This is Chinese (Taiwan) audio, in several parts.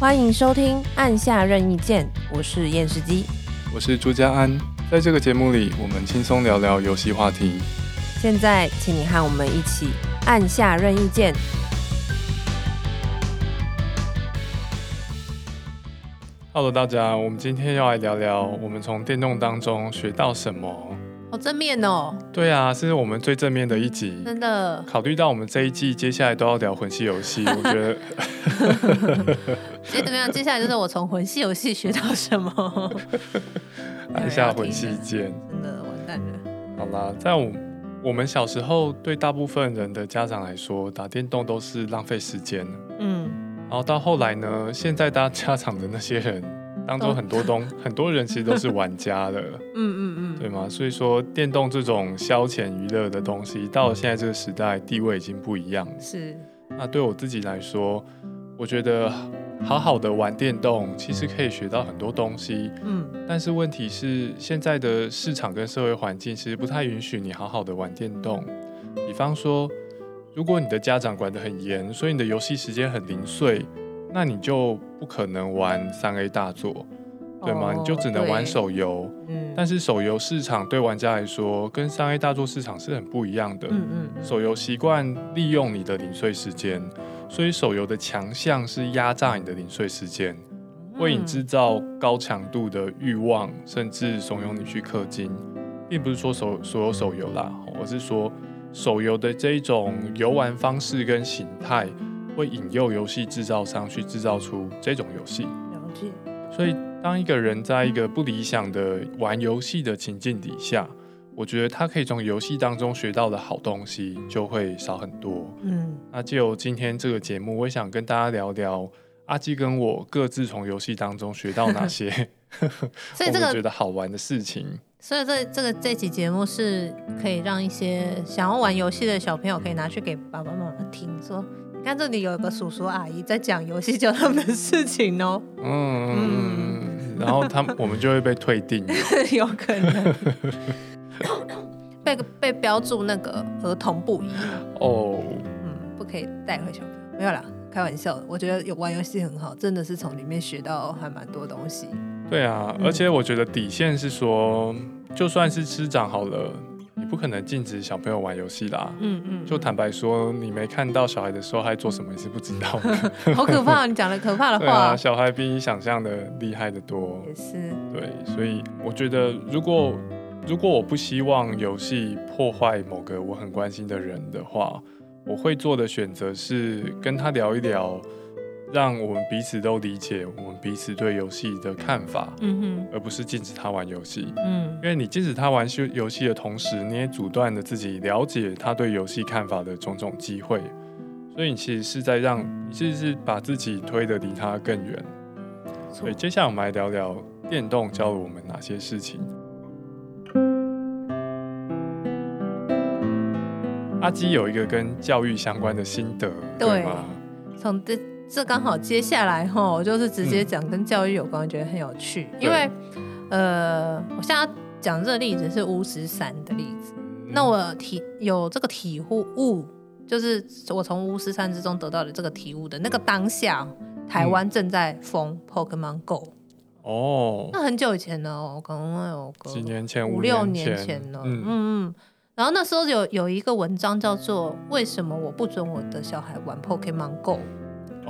歡迎收聽《按下任意鍵》，我是驗視機，我是朱家安，在這個節目裡，我們輕鬆聊聊遊戲話題。現在，請你和我們一起按下任意鍵。Hello，大家，我們今天要來聊聊，我們從電動當中學到什麼。好正面哦！對啊，是我們最正面的一集。真的，考慮到我們這一季接下來都要聊魂系遊戲， 我覺得。其實怎麼樣？接下來就是我從魂系遊戲學到什麼？ 按下魂系鍵，真的完蛋了。好啦，在我們小時候，對大部分人的家長來說，打電動都是浪費時間。嗯，然後到後來呢，現在當家長的那些人。當中很多東，很多人其實都是玩家的，嗯嗯 嗯，嗯嗯對嗎？所以說電動這種消遣娛樂的東西，嗯、到了現在這個時代，嗯、地位已經不一樣了。是。那對我自己來說，我覺得好好的玩電動，其實可以學到很多東西。嗯。但是問題是，現在的市場跟社會環境其實不太允許你好好的玩電動。比方說，如果你的家長管得很嚴，所以你的遊戲時間很零碎。那你就不可能玩三 A 大作，oh, 對嗎？你就只能玩手遊。嗯、但是手遊市場對玩家來說，跟三 A 大作市場是很不一樣的。嗯嗯、手遊習慣利用你的零碎時間，所以手遊的強項是壓榨你的零碎時間，嗯、為你制造高強度的慾望，甚至慫恿你去氪金，並不是說手所有手，手遊啦，嗯、我是說手遊的這種遊玩方式跟形態。會引誘遊戲製造商去製造出這種遊戲，了解。所以，當一個人在一個不理想的玩遊戲的情境底下，我覺得他可以從遊戲當中學到的好東西就會少很多。嗯，那就今天這個節目，我想跟大家聊聊阿雞跟我各自從遊戲當中學到哪些，所以這個我覺得好玩的事情。所以這這個這期節目是可以讓一些想要玩遊戲的小朋友可以拿去給爸爸媽媽聽，說。看這裡，有一個叔叔阿姨在講遊戲教他們的事情哦、喔。嗯，嗯，然後他們我們就會被退訂， 有可能 被被標注那個兒童不宜。哦，oh. 嗯，不可以帶回去。沒有啦，開玩笑。我覺得有玩遊戲很好，真的是從裡面學到還蠻多東西。對啊，嗯、而且我覺得底線是說，就算是師長好了，不可能禁止小朋友玩遊戲的。嗯嗯，就坦白說，你沒看到小孩的時候還做什麼，你是不知道的。呵呵好可怕！ 你講了可怕的話。對啊，小孩比你想象的厲害得多。也是。對，所以我覺得，如果如果我不希望遊戲破壞某個我很關心的人的話，我會做的選擇是跟他聊一聊。讓我們彼此都理解我們彼此對遊戲的看法，嗯哼，而不是禁止他玩遊戲，嗯，因為你禁止他玩遊戲的同時，你也阻斷了自己了解他對遊戲看法的種種機會，所以你其實是在讓其實是,是把自己推得離他更遠。錯所以接下來我們來聊聊電動教了我們哪些事情。嗯、阿雞有一個跟教育相關的心得，對,對嗎從這。這剛好接下來哈、哦，我、嗯、就是直接講跟教育有關，嗯、覺得很有趣。對因為，呃，我現在講這個例子是巫師三的例子。嗯、那我體有這個體悟物，就是我從巫師三之中得到了這個體悟的那個當下，嗯、台灣正在封 Pokemon Go。哦，那很久以前呢，可能有個年前幾年前、五六年前了。嗯嗯。然後那時候有有一個文章叫做《為什麼我不准我的小孩玩 Pokemon Go》。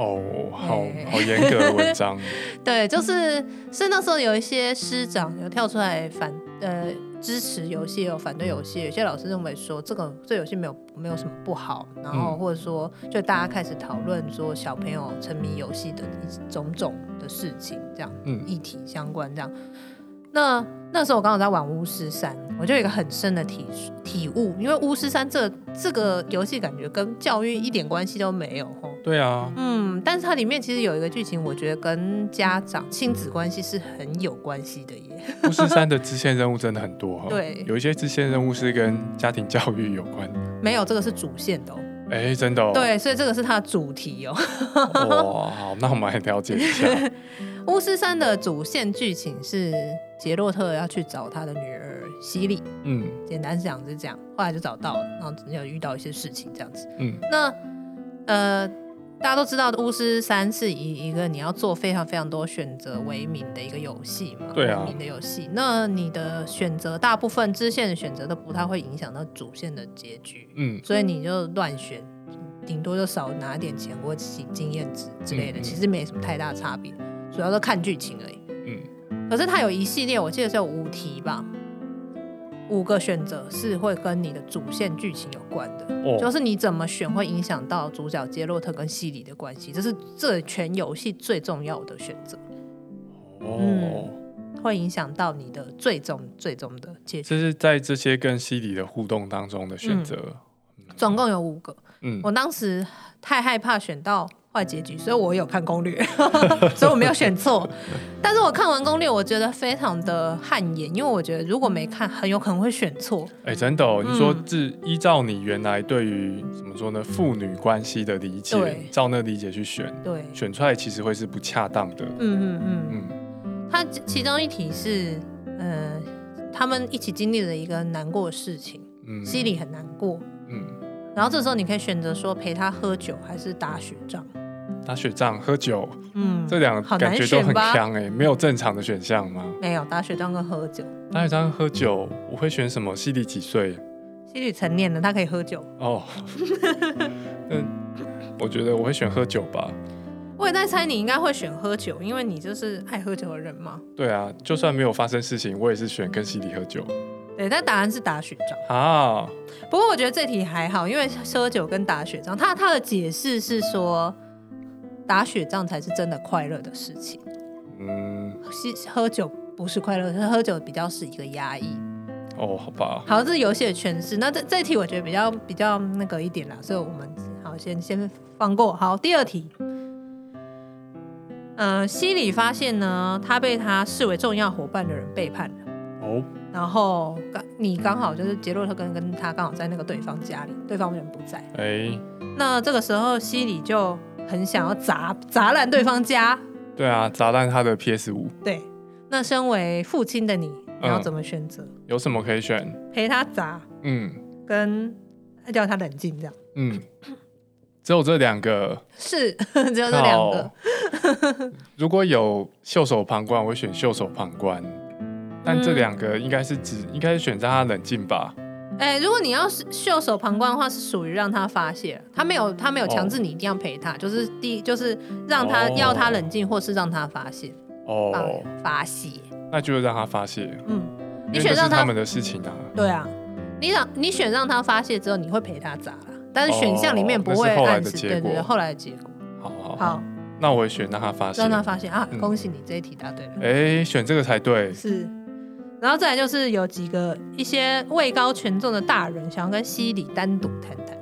哦、oh，好好嚴格的文章。 對，就是是那時候有一些師長有跳出來反，呃，支持遊戲，有反對遊戲。有些老師認為說這個，這個遊戲沒有沒有什麼不好，然後或者說、嗯、就大家開始討論說小朋友沉迷遊戲的一種種的事情，這樣嗯，議題相關這樣。那那時候我剛好在玩巫師三，我就有一個很深的體體悟，因為巫師三這這個遊戲感覺跟教育一點關係都沒有吼。對啊，嗯，但是它裡面其實有一個劇情，我覺得跟家長親子關係是很有關係的耶。巫師三的支線任務真的很多哈。 對，有一些支線任務是跟家庭教育有關的。沒有，這個是主線的、喔。哎、欸，真的、喔。對，所以這個是它的主題、喔、 哦。哇，那我們來了解一下 巫師三的主線劇情是。傑洛特要去找他的女兒西莉，嗯，簡單講是這樣，後來就找到了，然後又遇到一些事情，這樣子，嗯、那，那呃，大家都知道，的《巫師三》是以一個你要做非常非常多選擇為名的一個遊戲嘛，對啊，為名的遊戲，那你的選擇大部分支線的選擇都不太會影響到主線的結局，嗯，所以你就亂選，頂多就少拿點錢或者經驗值之類的，嗯、嗯，其實沒什麼太大差別，主要是看劇情而已，嗯。可是它有一系列，我記得是有五題吧，五個選擇是會跟你的主線劇情有關的，哦、就是你怎麼選會影響到主角傑洛特跟西里的關係，這是這全遊戲最重要的選擇，哦、嗯，會影響到你的最終最終的結局，這是在這些跟西里的互動當中的選擇、嗯，總共有五個，嗯、我當時太害怕選到。壞結局，所以我有看攻略，呵呵，所以我沒有選錯。 但是我看完攻略，我覺得非常的汗顏，因為我覺得如果沒看，很有可能會選錯。哎，真的、哦，你、嗯、說是依照你原來對於怎麼說呢，父女關係的理解，嗯、照那個理解去選，對，選出來其實會是不恰當的。嗯嗯嗯嗯。嗯嗯嗯，他其中一題是，呃，他們一起經歷了一個難過的事情，嗯，心裡很難過。然後這時候你可以選擇說陪他喝酒還是打雪仗。打雪仗、喝酒，嗯，這兩個感覺都很強哎，沒有正常的選項嗎？沒有，打雪仗跟喝酒。打雪仗、喝酒，嗯、我會選什麼？西里幾歲？西里成年了，他可以喝酒。哦，嗯， 我覺得我會選喝酒吧。我也在猜你應該會選喝酒，因為你就是愛喝酒的人嘛。對啊，就算沒有發生事情，我也是選跟西里喝酒。對，但答案是打雪仗好、啊、不過我覺得這題還好，因為喝酒跟打雪仗，他他的解釋是說打雪仗才是真的快樂的事情。嗯，是喝酒不是快樂，喝酒比較是一個壓抑。哦，好吧、啊。好，這是遊戲的詮釋。那這這題我覺得比較比較那個一點啦，所以我們好先先放過。好，第二題。呃，西里發現呢，他被他視為重要夥伴的人背叛了。哦。然後剛你剛好就是傑洛特跟跟他剛好在那個對方家裡，對方人不在。哎、欸嗯，那這個時候西里就很想要砸砸爛對方家。對啊，砸爛他的 PS5。對，那身為父親的你，你要怎麼選擇？嗯、有什麼可以選？陪他砸？嗯，跟叫他冷靜這樣。嗯，只有這兩個。是呵呵，只有這兩個。如果有袖手旁觀，我會選袖手旁觀。但這兩個應該是指，應該是選擇讓他冷靜吧？哎，如果你要是袖手旁觀的話，是屬於讓他發洩。他沒有，他沒有強制你一定要陪他，就是第，就是讓他要他冷靜，或是讓他發洩。哦，發洩。那就是讓他發洩。嗯，你選讓他們的事情啊？對啊，你讓，你選讓他發洩之後，你會陪他砸了？但是選項裡面不會暗示，對對，後來的結果。好好好，那我也選讓他發洩。讓他發洩啊！恭喜你這一題答對了。哎，選這個才對。是。然後再來就是有幾個一些位高權重的大人想要跟西里單獨談談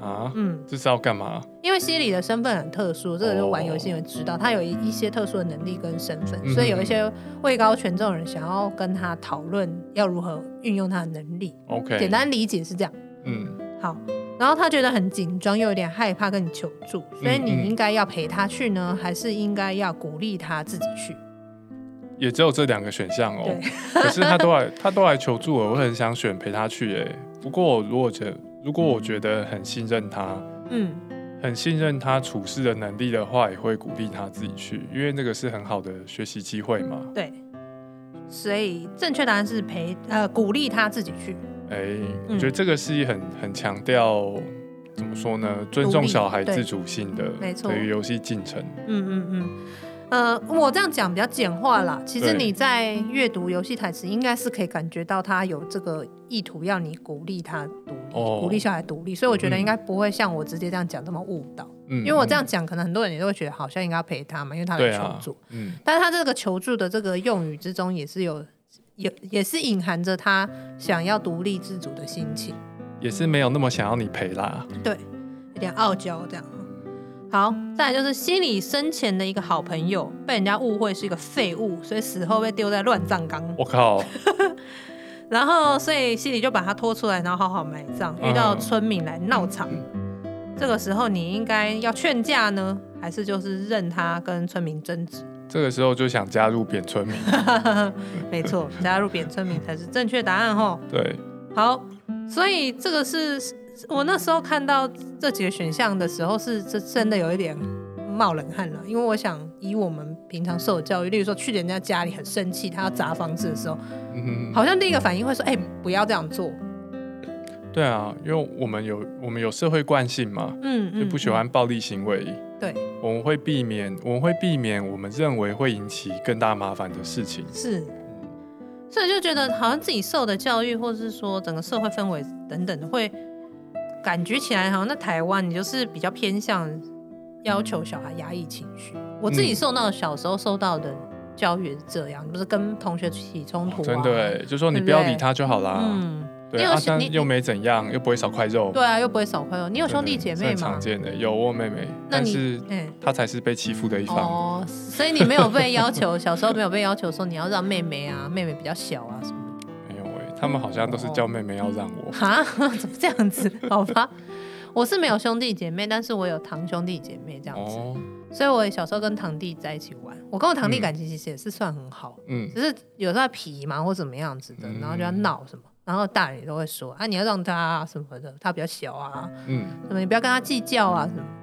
啊，嗯，這是要幹嘛？因為西里的身份很特殊，這個就玩遊戲也知道，Oh. 他有一些特殊的能力跟身份，嗯哼，所以有一些位高權重的人想要跟他討論要如何運用他的能力。OK，簡單理解是這樣。嗯，好。然後他覺得很緊張，又有點害怕跟你求助，所以你應該要陪他去呢，嗯嗯，還是應該要鼓勵他自己去？也只有這兩個選項哦、喔對， 可是他都來，他都來求助我，我很想選陪他去誒、欸。不過如果覺如果我覺得很信任他，嗯，很信任他處事的能力的話，也會鼓勵他自己去，因為那個是很好的學習機會嘛、嗯。對，所以正確答案是陪呃鼓勵他自己去。哎、欸，嗯、我覺得這個是很很強調怎麼說呢，尊重小孩自主性的，沒錯，對於遊戲進程。嗯嗯嗯。呃，我這樣講比較簡化啦。其實你在閱讀遊戲台詞，應該是可以感覺到他有這個意圖，要你鼓勵他獨立，哦、鼓勵小孩獨立。所以我覺得應該不會像我直接這樣講這麼誤導。嗯，因為我這樣講，嗯、可能很多人也都會覺得好像應該要陪他嘛，因為他來求助。啊、嗯，但是他這個求助的這個用語之中，也是有，有也,也是隱含着他想要獨立自主的心情，也是沒有那麼想要你陪啦。對，有點傲嬌這樣。好，再來就是希里生前的一個好朋友，被人家誤會是一個廢物，所以死後被丟在亂葬崗。我靠！ 然後，所以希里就把他拖出來，然後好好埋葬。遇到村民來鬧場，嗯、這個時候你應該要勸架呢，還是就是任他跟村民爭執？這個時候就想加入扁村民。 沒錯，加入扁村民才是正確答案哦。對，好，所以這個是。我那時候看到這幾個選項的時候，是真真的有一點冒冷汗了，因為我想以我們平常受的教育，例如說去人家家裡很生氣，他要砸房子的時候，嗯，好像第一個反應會說：“哎，嗯，欸，不要這樣做。”對啊，因為我們有我們有社會慣性嘛，嗯，嗯，嗯，就不喜歡暴力行為，對，我們會避免我們會避免我們認為會引起更大麻煩的事情，是，所以就覺得好像自己受的教育，或者是說整個社會氛圍等等的會。感覺起來好像在台灣你就是比較偏向要求小孩壓抑情緒。我自己受到的小時候受到的教育是這樣，不是跟同學起衝突、啊哦，真的，就說你不要理他就好啦。嗯，對，但又沒怎樣，你又不會少塊肉。對啊，又不會少塊肉。你有兄弟姐妹嗎？常見的有我妹妹，那你但是她才是被欺負的一方的。哦，所以你沒有被要求， 小時候沒有被要求說你要讓妹妹啊，妹妹比較小啊什麼。他們好像都是叫妹妹要讓我哈、哦啊、怎麼這樣子？ 好吧，我是沒有兄弟姐妹， 但是我有堂兄弟姐妹這樣子，哦、所以我小時候跟堂弟在一起玩，我跟我堂弟感情其實也是算很好，嗯，只是有時候皮嘛或怎麼樣子的，然後就要鬧什麼，嗯、然後大人也都會說啊，你要讓他、啊、什麼的，他比較小啊，嗯，什麼你不要跟他計較啊、嗯、什麼。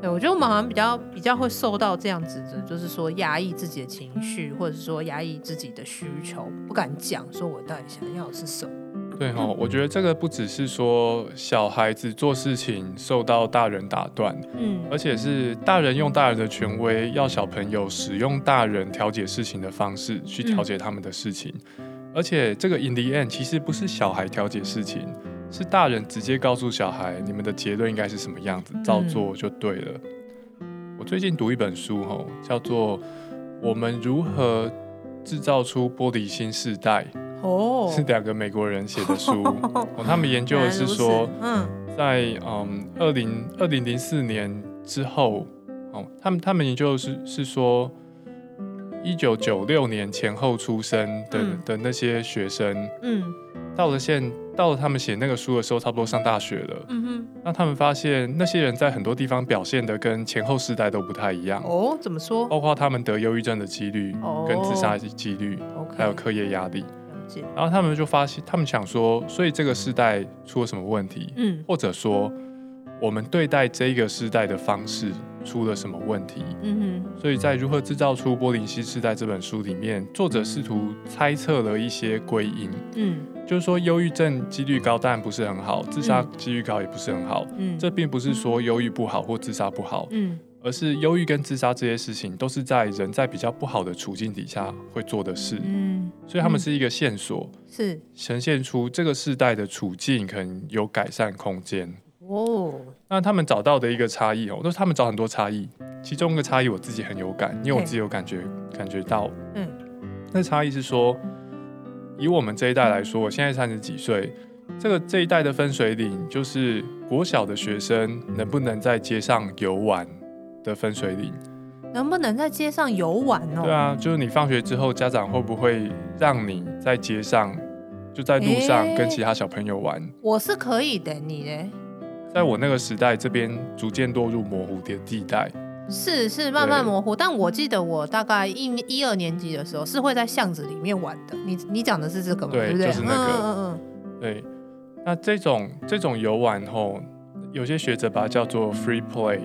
對，我覺得我們好像比較比較會受到這樣子的，就是說壓抑自己的情緒，或者說壓抑自己的需求，不敢講說我到底想要的是什麼。對哈、哦，我覺得這個不只是說小孩子做事情受到大人打斷，嗯，而且是大人用大人的權威要小朋友使用大人調解事情的方式去調解他們的事情，嗯，而且這個 in the end 其實不是小孩調解事情。是大人直接告訴小孩，你們的結論應該是什麼樣子，照做就對了。嗯、我最近讀一本書，吼，叫做《我們如何製造出玻璃心世代》，哦，oh. 是兩個美國人寫的書。哦，oh. 他們研究的是說， 嗯在嗯二零二零零四年之後，哦，他們他們研究的是是說，一九九六年前後出生的、嗯、的那些學生，嗯，到了現。到了他們寫那個書的時候，差不多上大學了。嗯哼，那他們發現那些人在很多地方表現的跟前後世代都不太一樣。哦，怎麼說？包括他們得憂鬱症的幾率、哦、跟自殺的幾率，Okay 還有課業壓力。了解。然後他們就發現，他們想說，所以這個世代出了什麼問題？嗯，或者說，我們對待這個世代的方式。嗯出了什麼問題？嗯哼所以在如何製造出玻璃心世代這本書裡面，作者試圖猜測了一些歸因。嗯，就是說，憂鬱症幾率高，但不是很好；自殺幾率高，也不是很好。嗯，這並不是說憂鬱不好或自殺不好。嗯，而是憂鬱跟自殺這些事情，都是在人在比較不好的處境底下會做的事。嗯，所以他們是一個線索，嗯、是呈現出這個世代的處境可能有改善空間。哦。那他們找到的一個差異哦、喔，都、就是他們找很多差異。其中一個差異我自己很有感，因為我自己有感覺、欸、感覺到，嗯，那差異是說，以我們這一代來說，我現在三十幾歲，這個這一代的分水嶺就是國小的學生能不能在街上遊玩的分水嶺，能不能在街上遊玩哦？對啊，就是你放學之後，家長會不會讓你在街上，就在路上跟其他小朋友玩？欸、我是可以的，你呢？在我那個時代，這邊逐漸落入模糊的地帶，是是慢慢模糊。對但我記得我大概一一,一二年級的時候，是會在巷子裡面玩的。你你講的是這個嗎？對，對不對，就是那個。嗯嗯，嗯對，那這種這種遊玩後，有些學者把它叫做 free play。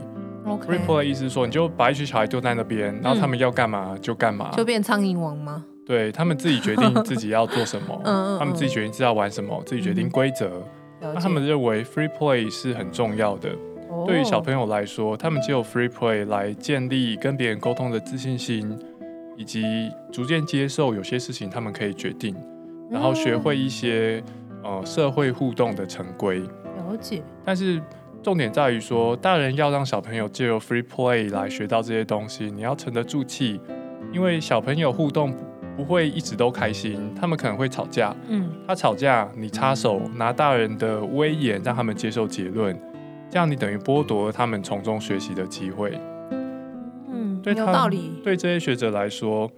free play 意思是說，你就把一群小孩丟在那邊，Okay 然後他們要幹嘛就幹嘛，嗯、就變蒼蠅王嗎？對，他們自己決定自己要做什麼，嗯嗯嗯，他們自己決定自己要玩什麼，嗯嗯，自己決定規則。嗯啊、他們認為 free play 是很重要的，哦、對於小朋友來說，他們藉由 free play 來建立跟別人溝通的自信心，以及逐漸接受有些事情他們可以決定，然後學會一些、嗯、呃社會互動的成規。了解。但是重點在於說，大人要讓小朋友借由 free play 來學到這些東西，你要沉得住氣，因為小朋友互動。不會一直都開心，嗯、他們可能會吵架。嗯，他吵架，你插手，嗯、拿大人的威嚴讓他們接受結論，這樣你等於剝奪了他們從中學習的機會。嗯，對他，有道理。對這些學者來說，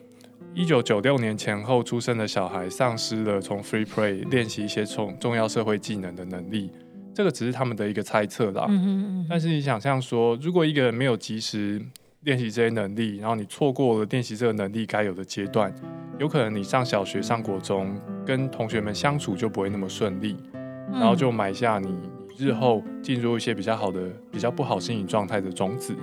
一九九六年前後出生的小孩，喪失了從 free play 練習一些重重要社會技能的能力，這個只是他們的一個猜測啦。嗯嗯嗯。但是你想象說，如果一個人沒有及時，練習這些能力，然後你錯過了練習這個能力該有的階段，有可能你上小學、嗯、上國中，跟同學們相處就不會那麼順利，然後就埋下你日後進入一些比較好的、比較不好心理狀態的種子。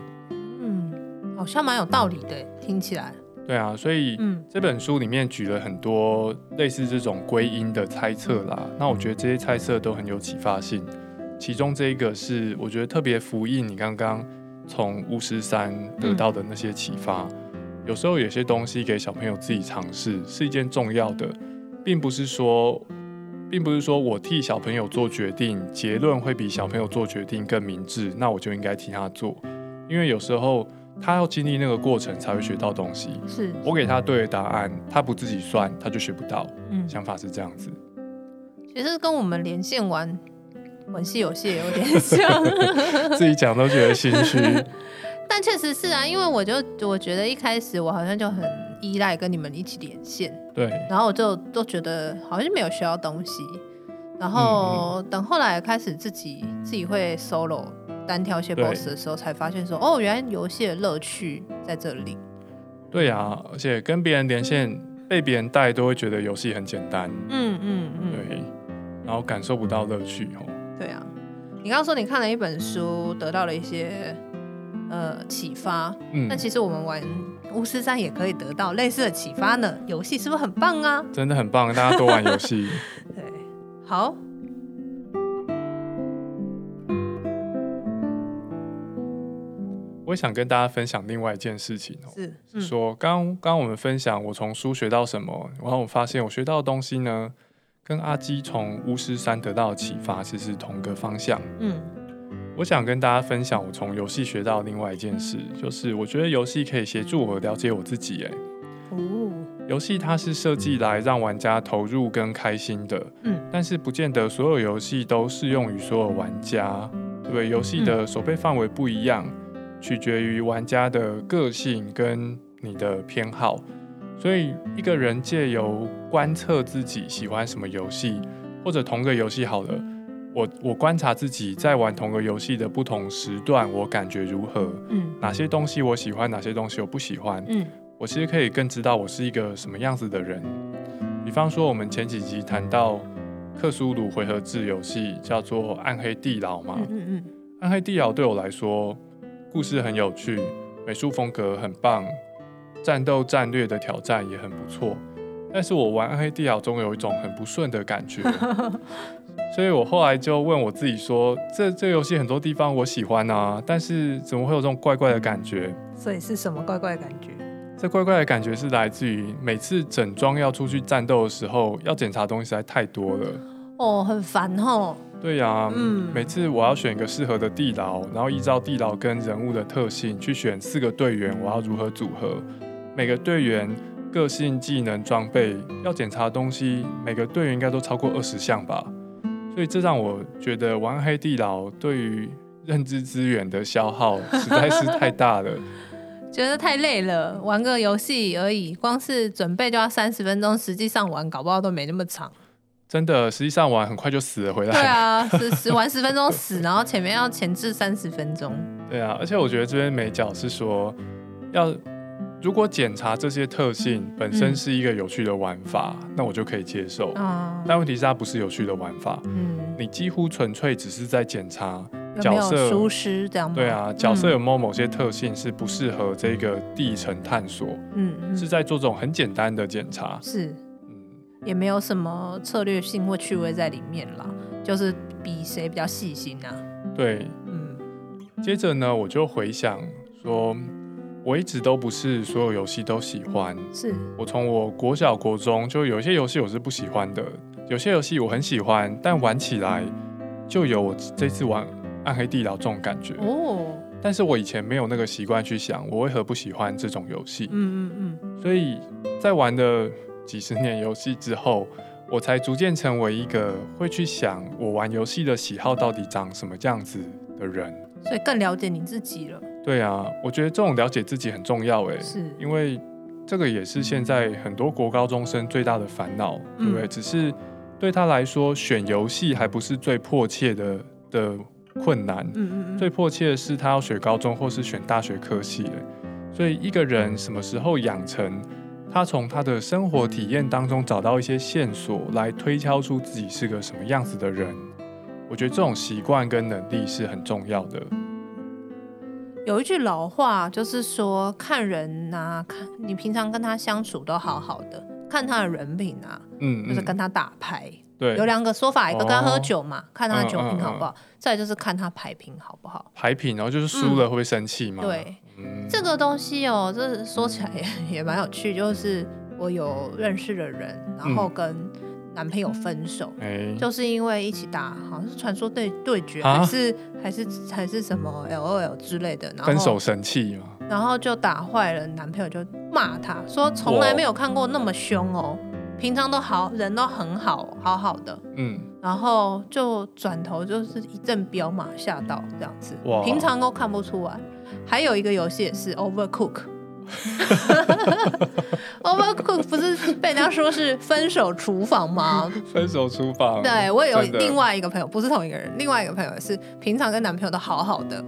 嗯，好像蠻有道理的，的、嗯。聽起來。對啊，所以這本書裡面舉了很多類似這種歸因的猜測啦，嗯、那我覺得這些猜測都很有啟發性。其中這一個是我覺得特別呼應你剛剛，從巫師三得到的那些啟發，嗯，有時候有些東西給小朋友自己嘗試是一件重要的，並不是說，並不是說我替小朋友做決定，結論會比小朋友做決定更明智，那我就應該替他做，因為有時候他要經歷那個過程才會學到東西。是我給他對的答案，他不自己算，他就學不到。嗯，想法是這樣子。其實跟我們連線完，魂系遊戲也有點像。 自己講都覺得心虛。 但確實是啊，因為我就我覺得一開始我好像就很依賴跟你們一起連線，對。然後我就都覺得好像沒有學到東西。然後等後來開始自己自己會 solo 單挑一些 boss 的時候，才發現說，對哦，原來遊戲的樂趣在這裡。對呀，啊，而且跟別人連線，嗯、被別人帶都會覺得遊戲很簡單。嗯嗯嗯，嗯嗯對。然後感受不到樂趣哦。對啊，你剛剛說你看了一本書，得到了一些呃啟發。嗯，那其實我們玩巫師三也可以得到類似的啟發呢。遊戲是不是很棒啊？真的很棒，大家多玩遊戲。 對，好。我想跟大家分享另外一件事情哦，是、嗯、說剛，剛剛我們分享我從書學到什麼，然後我發現我學到的東西呢。跟阿基從巫師三得到啟發，其實是同一個方向。嗯，我想跟大家分享，我從遊戲學到另外一件事，就是我覺得遊戲可以協助我了解我自己。誒，哦，遊戲它是設計來讓玩家投入跟開心的。嗯，但是不見得所有遊戲都適用於所有玩家，對，遊戲的所配範圍不一樣，嗯，取決於玩家的個性跟你的偏好。所以一個人借由觀測自己喜歡什麼遊戲，或者同個遊戲好了，我我觀察自己在玩同個遊戲的不同時段，我感覺如何？哪些東西我喜歡，哪些東西我不喜歡？我其實可以更知道我是一個什麼樣子的人。比方說，我們前幾集談到克蘇魯回合制遊戲叫做《暗黑地牢》嘛，《暗黑地牢》對我來說，故事很有趣，美術風格很棒。戰鬥戰略的挑戰也很不錯，但是我玩暗黑地牢中有一種很不順的感覺， 所以我後來就問我自己說，這這遊戲很多地方我喜歡啊，但是怎麼會有這種怪怪的感覺？所以是什麼怪怪的感覺？這怪怪的感覺是來自於每次整裝要出去戰鬥的時候，要檢查的東西實在太多了。哦，很煩哦。對呀，嗯，每次我要選一個適合的地牢，然後依照地牢跟人物的特性去選四個隊員，我要如何組合？每個隊員個性、技能、裝備要檢查的東西，每個隊員應該都超過二十項吧。所以這讓我覺得玩黑地牢對於認知資源的消耗實在是太大了。 覺得太累了，玩個遊戲而已，光是準備就要三十分鐘，實際上玩搞不好都沒那麼長。真的，實際上玩很快就死了回來了。 對啊，死玩十分鐘死，然後前面要前置三十分鐘。對啊，而且我覺得這邊美角是說要。如果檢查這些特性本身是一個有趣的玩法，嗯嗯、那我就可以接受。嗯、但問題是它不是有趣的玩法，嗯、你幾乎純粹只是在檢查角色，有沒有舒適這樣，對啊，角色有沒有某些特性是不適合這個地層探索？嗯，是在做這種很簡單的檢查，嗯、是，嗯、也沒有什麼策略性或趣味在裡面了，就是比誰比較細心啊。對，嗯，接着呢，我就回想說。我一直都不是所有遊戲都喜歡，是我從我國小國中就有些遊戲我是不喜歡的，有些遊戲我很喜歡，但玩起來就有我這次玩《暗黑地牢》這種感覺。哦，但是我以前沒有那個習慣去想我為何不喜歡這種遊戲。嗯嗯嗯。所以在玩了幾十年遊戲之後，我才逐漸成為一個會去想我玩遊戲的喜好到底長什麼樣子的人。所以更了解你自己了。對啊，我覺得這種了解自己很重要誒，是因為這個也是現在很多國高中生最大的煩惱，嗯、對不對？只是對他來說，選遊戲還不是最迫切的的困難，嗯、哼最迫切的是他要選高中或是選大學科系，所以一個人什麼時候養成他從他的生活體驗當中找到一些線索，來推敲出自己是個什麼樣子的人，我覺得這種習慣跟能力是很重要的。有一句老話，就是說看人吶、啊，看你平常跟他相處都好好的，看他的人品啊。嗯，就是跟他打牌。對，有兩個說法，一個跟他喝酒嘛，哦、看他的酒品好不好；嗯嗯嗯、再就是看他牌品好不好。牌品、哦，然後就是輸了會生氣嘛、嗯。對，嗯、這個東西哦，這說起來也也蠻有趣，就是我有認識的人，然後跟、嗯。男朋友分手，欸、就是因為一起打，好像是傳說對對決，啊、還是還是還是什麼 LOL 之類的，然後分手神器嘛，然後就打壞了，男朋友就罵他說從來沒有看過那麼兇哦，哇平常都好人都很好，好好的，嗯，然後就轉頭就是一陣飆罵嚇到這樣子，哇平常都看不出來。還有一個遊戲也是 Overcook。 Overcook 不是被人家說是分手廚房嗎？ 分手廚房。對，我也有另外一個朋友，的不是同一個人，另外一個朋友是平常跟男朋友都好好的，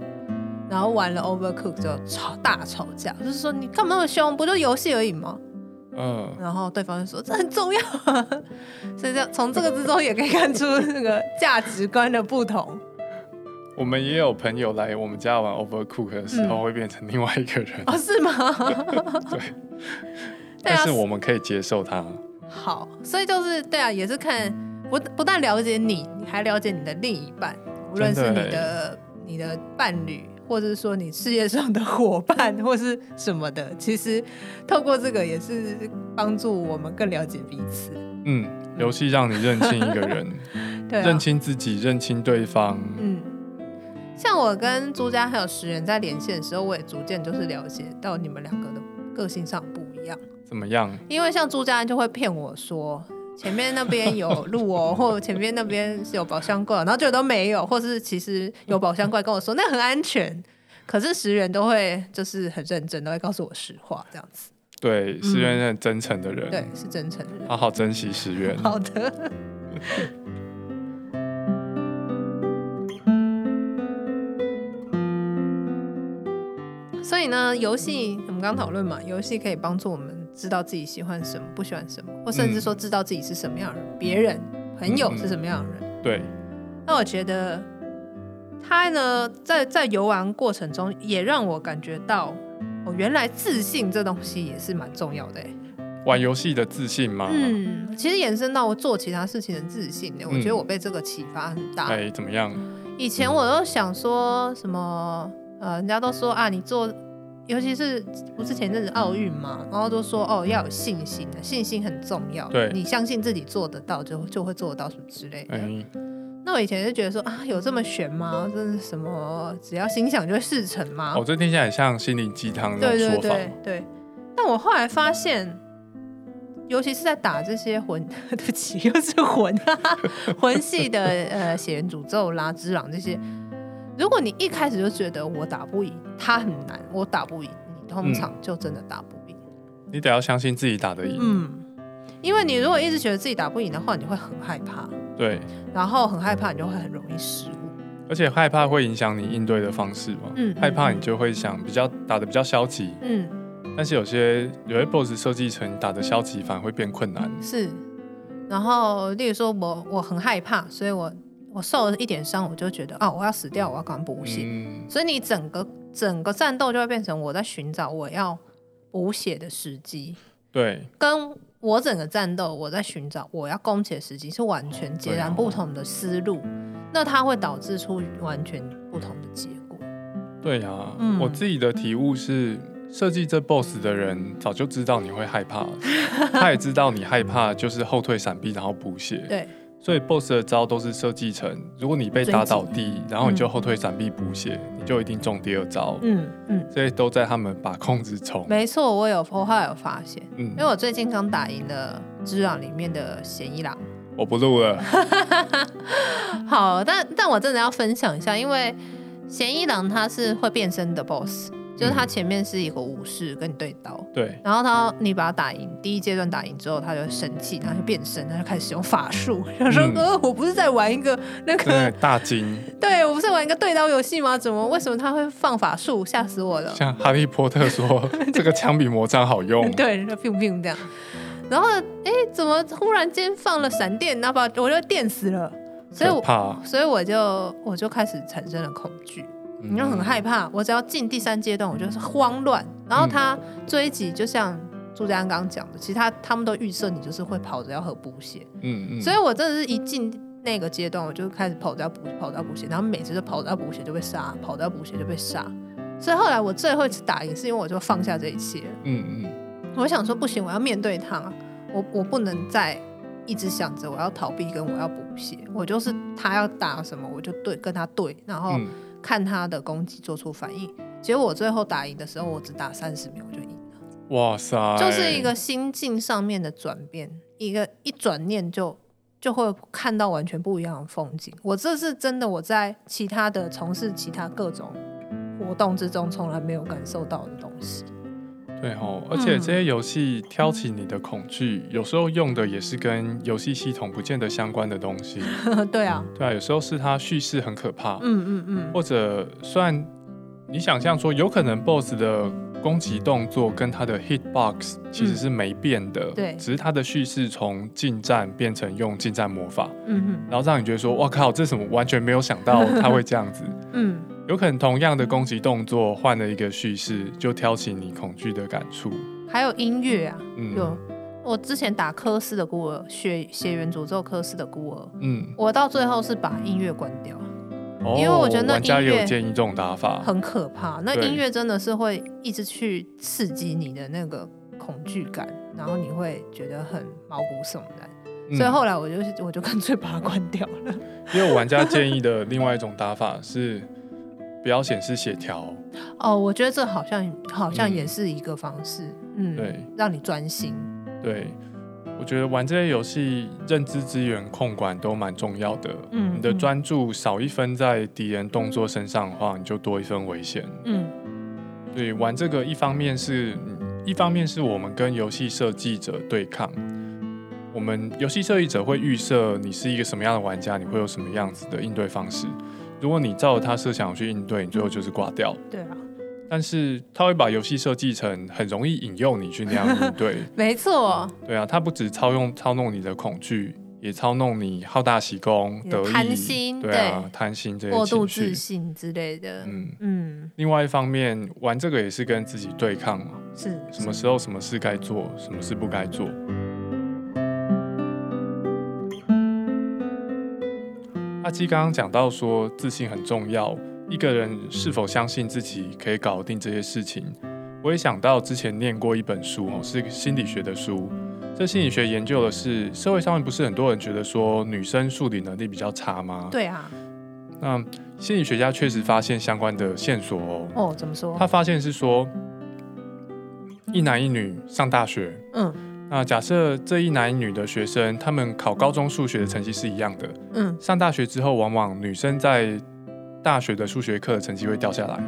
然後玩了 Overcook 就吵，大吵架，就是說，你幹嘛那麼凶？不就遊戲而已嗎？嗯。然後對方就說這很重要啊，所以從從這個之中也可以看出那個價值觀的不同。我們也有朋友來我們家玩 Overcooked 的時候，會變成另外一個人。嗯、哦？是嗎？ 對，對啊、但是我們可以接受他。好，所以就是對啊，也是看不不但了解你，還了解你的另一半，無論是你的你的伴侶，或者是說你事業上的伙伴，或是什麼的。其實透過這個，也是幫助我們更了解彼此。嗯，遊戲讓你認清一個人， 對、啊，認清自己，認清對方。嗯。像我跟朱家還有十元在連線的時候，我也逐漸就是了解到你們兩個的個性上不一樣。怎麼樣？因為像朱家人就會騙我說前面那邊有路哦， 或前面那邊是有寶箱怪，然後結果都沒有，或是其實有寶箱怪跟我說那很安全，可是十元都會就是很認真，都會告訴我實話這樣子。對，十元、嗯、是很真誠的人。對，是真誠的人。好好珍惜十元。 好的。 所以呢，遊戲我們剛剛討論嘛，遊戲可以幫助我們知道自己喜歡什麼、不喜歡什麼，或甚至說知道自己是什麼樣的人，別人、嗯、、朋友是什麼樣的人。嗯嗯、對。那我覺得他呢，在在遊玩過程中，也讓我感覺到，哦，原來自信這東西也是蠻重要的。玩遊戲的自信嗎？嗯，其實延伸到我做其他事情的自信，哎，我覺得我被這個啟發很大。對、嗯欸、怎麼樣？以前我都想說什麼？呃，人家都說啊，你做，尤其是不是前陣子奧運嘛，然後都說哦，要有信心，信心很重要。對，你相信自己做得到就，就就會做得到什麼之類的。嗯、那我以前就覺得說啊，有這麼玄嗎？真的什麼只要心想就會事成嗎？我、哦、這聽起來很像心靈雞湯那種說法。對對對，對。但我後來發現，尤其是在打這些魂，呵呵對不起又是魂、啊，魂系的 呃血源詛咒啦、隻狼這些。如果你一開始就覺得我打不贏他，很難，我打不贏你，通常就真的打不贏。嗯。你得要相信自己打得贏。嗯，因為你如果一直覺得自己打不贏的話，你會很害怕。對。然後很害怕，你就會很容易失誤。而且害怕會影響你應對的方式嘛。嗯，嗯害怕你就會想比較打得比較消極。嗯。但是有些有些 BOSS 設計成打得消極反而會變困難。嗯、是。然後例如說我我很害怕，所以我。我受了一點傷，我就覺得啊，我要死掉，我要趕快補血。嗯、所以你整個整個戰鬥就會變成我在尋找我要補血的時機。對，跟我整個戰鬥我在尋找我要攻擊的時機是完全截然不同的思路，嗯啊、那它會導致出完全不同的結果。對呀、啊，嗯、我自己的體悟是，設計這 BOSS 的人早就知道你會害怕，他也知道你害怕就是後退閃避然後補血。 對。所以 BOSS 的招都是設計成，如果你被打倒地，然後你就後退閃避補血，嗯、你就一定中第二招。嗯嗯，這、嗯、些都在他們把控之中、嗯。嗯、制沒錯，我有破壞有發現。嗯，因為我最近剛打贏了《隻狼》裡面的弦一郎。我不錄了。 好，但但我真的要分享一下，因為弦一郎他是會變身的 BOSS。就是他前面是一個武士跟你對刀，對、嗯，然後他你把他打贏，第一階段打贏之後，他就生氣，他就變身，他就開始用法術。然後說，嗯、呃，我不是在玩一個那個大金？對，我不是玩一個對刀遊戲嗎？怎麼？為什麼他會放法術？嚇死我了！像哈利波特說， 對這個槍比魔杖好用。對，他 biu biu 這樣，然後哎，怎麼忽然間放了閃電，然後把我就電死了？所以，怕所以我就我就開始產生了恐懼。你、嗯嗯、就很害怕，我只要進第三階段，我就是慌亂。然後他追擊，就像朱家安剛剛講的，其他他們都預設你就是會跑着要喝補血。嗯嗯。所以，我真的是一進那個階段，我就開始跑着要補，跑着要補血。然後每次都跑着要補血就被殺，跑着要補血就被殺。所以後來我最後一次打贏，是因為我就放下這一切嗯。嗯嗯。我想說，不行，我要面對他，我我不能再一直想着我要逃避，跟我要補血。我就是他要打什麼，我就對跟他對，然後。看他的攻擊做出反應，結果我最後打贏的時候，我只打三十秒就贏了。哇塞，就是一個心境上面的轉變，一個一轉念就就會看到完全不一樣的風景。我這是真的，我在其他的從事其他各種活動之中從來沒有感受到的東西。對吼，而且這些遊戲挑起你的恐懼，嗯、有時候用的也是跟遊戲系統不見得相關的東西。呵呵對啊、嗯，對啊，有時候是它敘事很可怕。嗯嗯嗯。嗯嗯或者，雖然你想象說，有可能 BOSS 的攻擊動作跟它的 hitbox 其實是沒變的，嗯、對，只是它的敘事從近戰變成用近戰魔法，嗯嗯哼，然後讓你覺得說，我靠，這怎麼完全沒有想到他會這樣子，呵呵嗯。有可能同樣的攻擊動作換了一個敘事，就挑起你恐懼的感觸。還有音樂啊，嗯、有我之前打《科斯的孤兒》學《學血源詛咒》《科斯的孤兒》，嗯，我到最後是把音樂關掉，哦、因為我覺得那音樂玩家也有建議這種打法很可怕。那音樂真的是會一直去刺激你的那個恐懼感，對然後你會覺得很毛骨悚然。嗯、所以後來我就是我就乾脆把它關掉了。因為我玩家建議的另外一種打法是。不要顯示血條哦，我覺得這好像好像也是一個方式，嗯，嗯對，讓你專心。對，我覺得玩這些遊戲，認知資源控管都蠻重要的。嗯、嗯，你的專注少一分在敵人動作身上的話，你就多一分危險。嗯，對，玩這個一方面是，一方面是我們跟遊戲設計者對抗。我們遊戲設計者會預設你是一個什麼樣的玩家，你會有什麼樣子的應對方式。如果你照他設想去應對，你最後就是掛掉了。對啊，但是他會把遊戲設計成很容易引誘你去那樣應對。 沒錯。嗯。對啊，他不只操用操弄你的恐懼，也操弄你好大喜功、的得意、貪心，對啊，貪心這些情緒。過度自信之類的。嗯嗯。嗯另外一方面，玩這個也是跟自己對抗嘛。是。是什麼時候什麼事該做，什麼事不該做？阿雞剛剛講到說自信很重要，一個人是否相信自己可以搞定這些事情，我也想到之前念過一本書哦，是心理學的書。這心理學研究的是社會上面不是很多人覺得說女生數理能力比較差嗎？對啊。那心理學家確實發現相關的線索哦。哦，怎麼說？他發現是說一男一女上大學。嗯。那假設這一男一女的學生，他們考高中數學的成績是一樣的，嗯，上大學之後，往往女生在大學的數學課的成績會掉下來，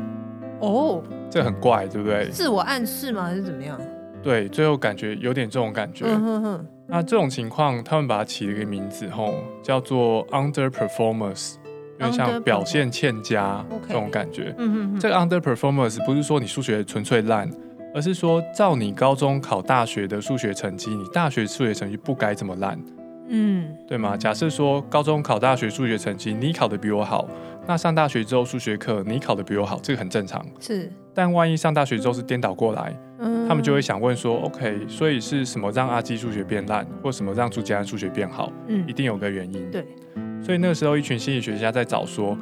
哦，這很怪，對不對？自我暗示嗎，還是怎麼樣？對，最後感覺有點這種感覺。嗯、哼哼，那這種情況，他們把它起了一個名字，吼，叫做 underperformance，嗯、有點像表現欠佳、嗯、這種感覺。嗯、哼哼，這個 underperformance 不是說你數學純粹爛。而是說，照你高中考大學的數學成績，你大學數學成績不該這麼爛，嗯，對嗎？假設說高中考大學數學成績你考得比我好，那上大學之後數學課你考得比我好，這個很正常。是，但萬一上大學之後是顛倒過來，嗯，他們就會想問說，嗯，OK，所以是什麼讓阿雞數學變爛，或什麼讓朱家安數學變好？嗯，一定有個原因。對，所以那個時候一群心理學家在找說，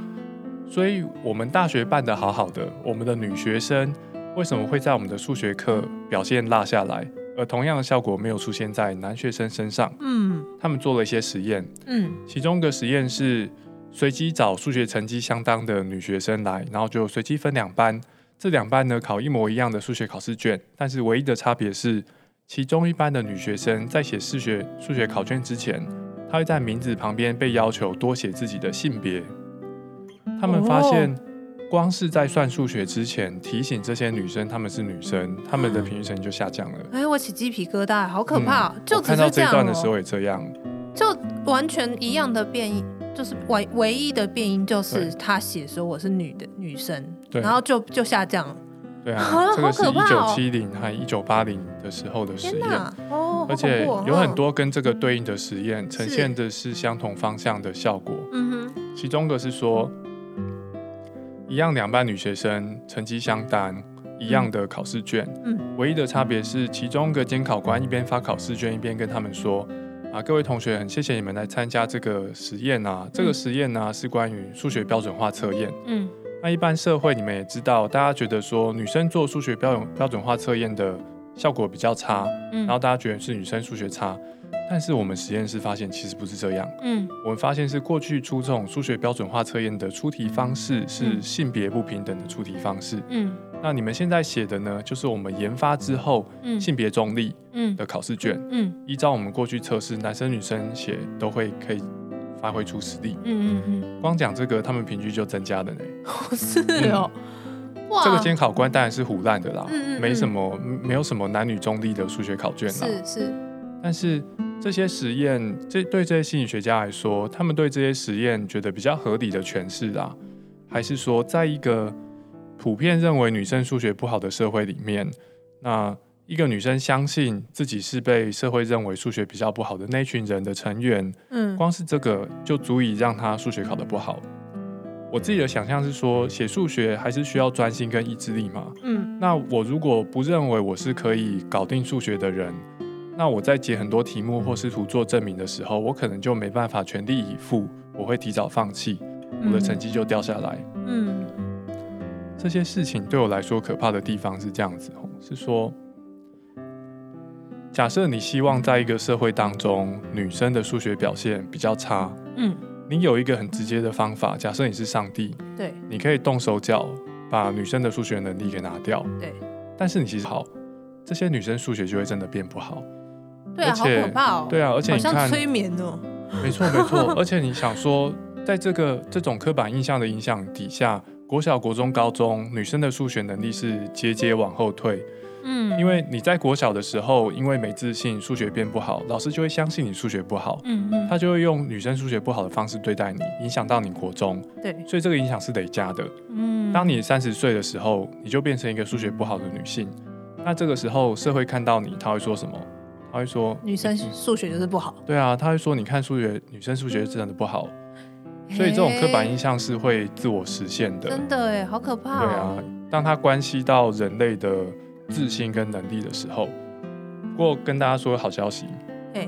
所以我們大學辦得好好的，我們的女學生。為什麼會在我們的數學課表現落下來，而同樣的效果沒有出現在男學生身上？嗯，他們做了一些實驗，嗯，其中一個實驗是隨機找數學成績相當的女學生來，然後就隨機分兩班，這兩班呢，考一模一樣的數學考試卷，但是唯一的差別是，其中一班的女學生在寫數學數學考卷之前，她會在名字旁邊被要求多寫自己的性別。他們發現。光是在算數學之前提醒這些女生她們是女生，她們的平均成績就下降了。哎，我起雞皮疙瘩，好可怕！就看到這段的時候也這樣，就完全一樣的變因，就是唯唯一的變因就是他寫說我是女的女生，然後就就下降了。對啊，這個是一九七零和一九八零的時候的實驗，而且有很多跟這個對應的實驗呈現的是相同方向的效果。嗯哼，其中一個是說。一樣兩班女學生，成績相當。一樣的考試卷，嗯嗯、唯一的差別是，其中一個監考官一邊發考試卷，一邊跟他們說：“啊，各位同學，很謝謝你們來參加這個實驗啊，嗯、這個實驗呢、啊、是關於數學標準化測驗。嗯，嗯那一般社會你們也知道，大家覺得說女生做數學標標準化測驗的效果比較差，嗯、然後大家覺得是女生數學差。”但是我們實驗室發現，其實不是這樣。嗯，我們發現是過去出這種數學標準化測驗的出題方式是性別不平等的出題方式。嗯，那你們現在寫的呢，就是我們研發之後，性別中立，的考試卷。嗯，嗯嗯嗯依照我們過去測試，男生女生寫都會可以發揮出實力。嗯嗯嗯。嗯嗯嗯光講這個，他們平均就增加了呢。 是哦，嗯、哇，這個監考官當然是唬爛的啦，嗯，嗯沒什麼，嗯、沒有什麼男女中立的數學考卷啦，是是，是但是。這些實驗，這對這些心理學家來說，他們對這些實驗覺得比較合理的詮釋啊，還是說，在一個普遍認為女生數學不好的社會裡面，那一個女生相信自己是被社會認為數學比較不好的那群人的成員，嗯，光是這個就足以讓她數學考得不好。我自己的想象是說，寫數學還是需要專心跟意志力嘛，嗯，那我如果不認為我是可以搞定數學的人。那我在解很多題目或試圖做證明的時候，我可能就沒辦法全力以赴，我會提早放棄，我的成績就掉下來。嗯，嗯，這些事情對我來說可怕的地方是這樣子，是說，假設你希望在一個社會當中，女生的數學表現比較差，嗯，你有一個很直接的方法，假設你是上帝，對，你可以動手腳把女生的數學能力給拿掉，對，但是你其實好，這些女生數學就會真的變不好。而且對啊，好可怕哦，對啊，而且你看，催眠哦，沒錯沒錯。而且你想說，在這個這種刻板印象的影響底下，國小、國中、高中女生的數學能力是節節往後退。嗯，因為你在國小的時候，因為沒自信，數學變不好，老師就會相信你數學不好，嗯，他就會用女生數學不好的方式對待你，影響到你國中。對，所以這個影響是累加的。嗯，當你三十歲的時候，你就變成一個數學不好的女性。那這個時候社會看到你，他會說什麼？他會說：“女生數學就是不好。嗯”對啊，他會說：“你看數學，女生數學是真的不好。嗯”所以這種刻板印象是會自我實現的。真的誒，好可怕哦！對啊，當它關係到人類的自信跟能力的時候，不過跟大家說個好消息。嗯、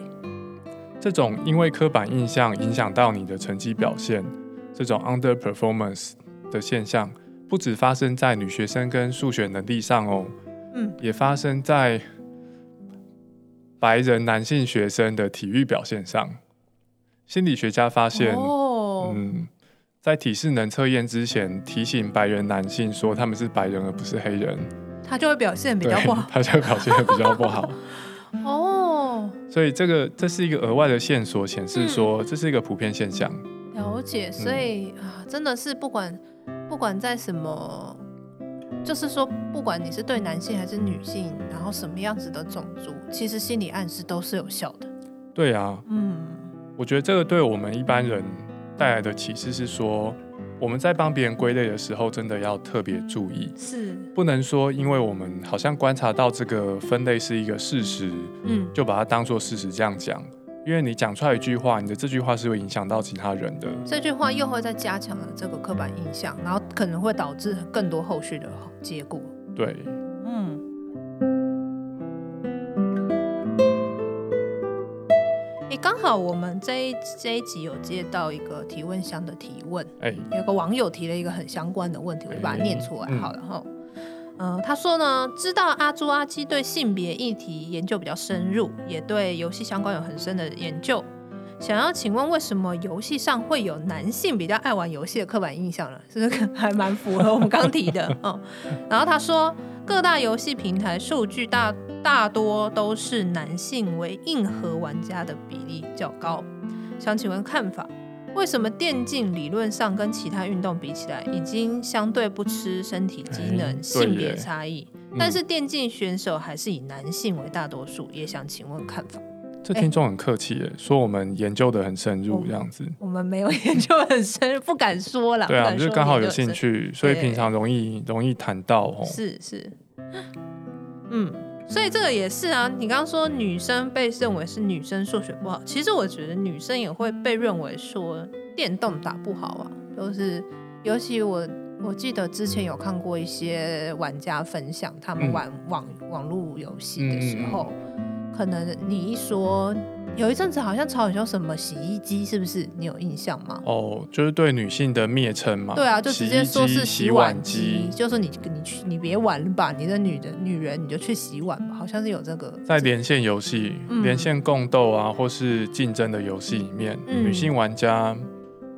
這種因為刻板印象影響到你的成績表現，嗯、這種 underperformance 的現象，不止發生在女學生跟數學能力上哦。嗯，也發生在。白人男性學生的體育表現上，心理學家發現，oh. 嗯，在體適能測驗之前提醒白人男性說他們是白人而不是黑人，他就會表現比較不好，他就會表現得比較不好。哦， oh. 所以這個這是一個額外的線索，顯示說這是一個普遍現象。嗯，了解，所以啊，真的是不管不管在什麼。就是說，不管你是對男性還是女性，然後什麼樣子的種族，其實心理暗示都是有效的。對啊，嗯，我覺得這個對我們一般人帶來的啟示是說，我們在幫別人歸類的時候，真的要特別注意，是不能說因為我們好像觀察到這個分類是一個事實，嗯，就把它當做事實這樣講。因為你講出來一句話，你的這句話是會影響到其他人的。這句話又會再加強了這個刻板印象，嗯、然後可能會導致更多後續的結果。對，嗯、欸。剛好我們這一，這一集有接到一個提問箱的提問，欸、有一個網友提了一個很相關的問題，欸、我就把它念出來，好了、嗯然後呃，他說呢，知道阿朱阿雞對性別議題研究比較深入，也對遊戲相關有很深的研究，想要請問為什麼遊戲上會有男性比較愛玩遊戲的刻板印象呢？這個還蠻符合我們剛提的。嗯、 哦，然後他說各大遊戲平台數據大大多都是男性為硬核玩家的比例較高，想請問看法。為什麼電競理論上跟其他運動比起來，已經相對不吃身體機能、欸、性別差異？嗯、但是電競選手還是以男性為大多數，也想請問看法。這聽眾很客氣耶，欸、說我們研究得很深入我這樣子。我們沒有研究很深，不敢說了。對啊，我們就剛好有興趣，所以平常容易耶容易談到。是是，嗯。所以這個也是啊，你剛剛說女生被認為是女生數學不好，其實我覺得女生也會被認為說電動打不好啊，都、就是，尤其我我記得之前有看過一些玩家分享，他們玩、嗯、網網絡遊戲的時候，嗯嗯嗯嗯可能你一說。有一陣子好像吵很兇什麼洗衣機，是不是？你有印象嗎？哦，oh, 就是對女性的蔑稱嘛。對啊，就直接說是洗碗機，衣機就說你你去你別玩吧，你的女的女人你就去洗碗吧，好像是有這個。這個、在連線遊戲、嗯、連線共鬥啊，或是競爭的遊戲裡面，嗯、女性玩家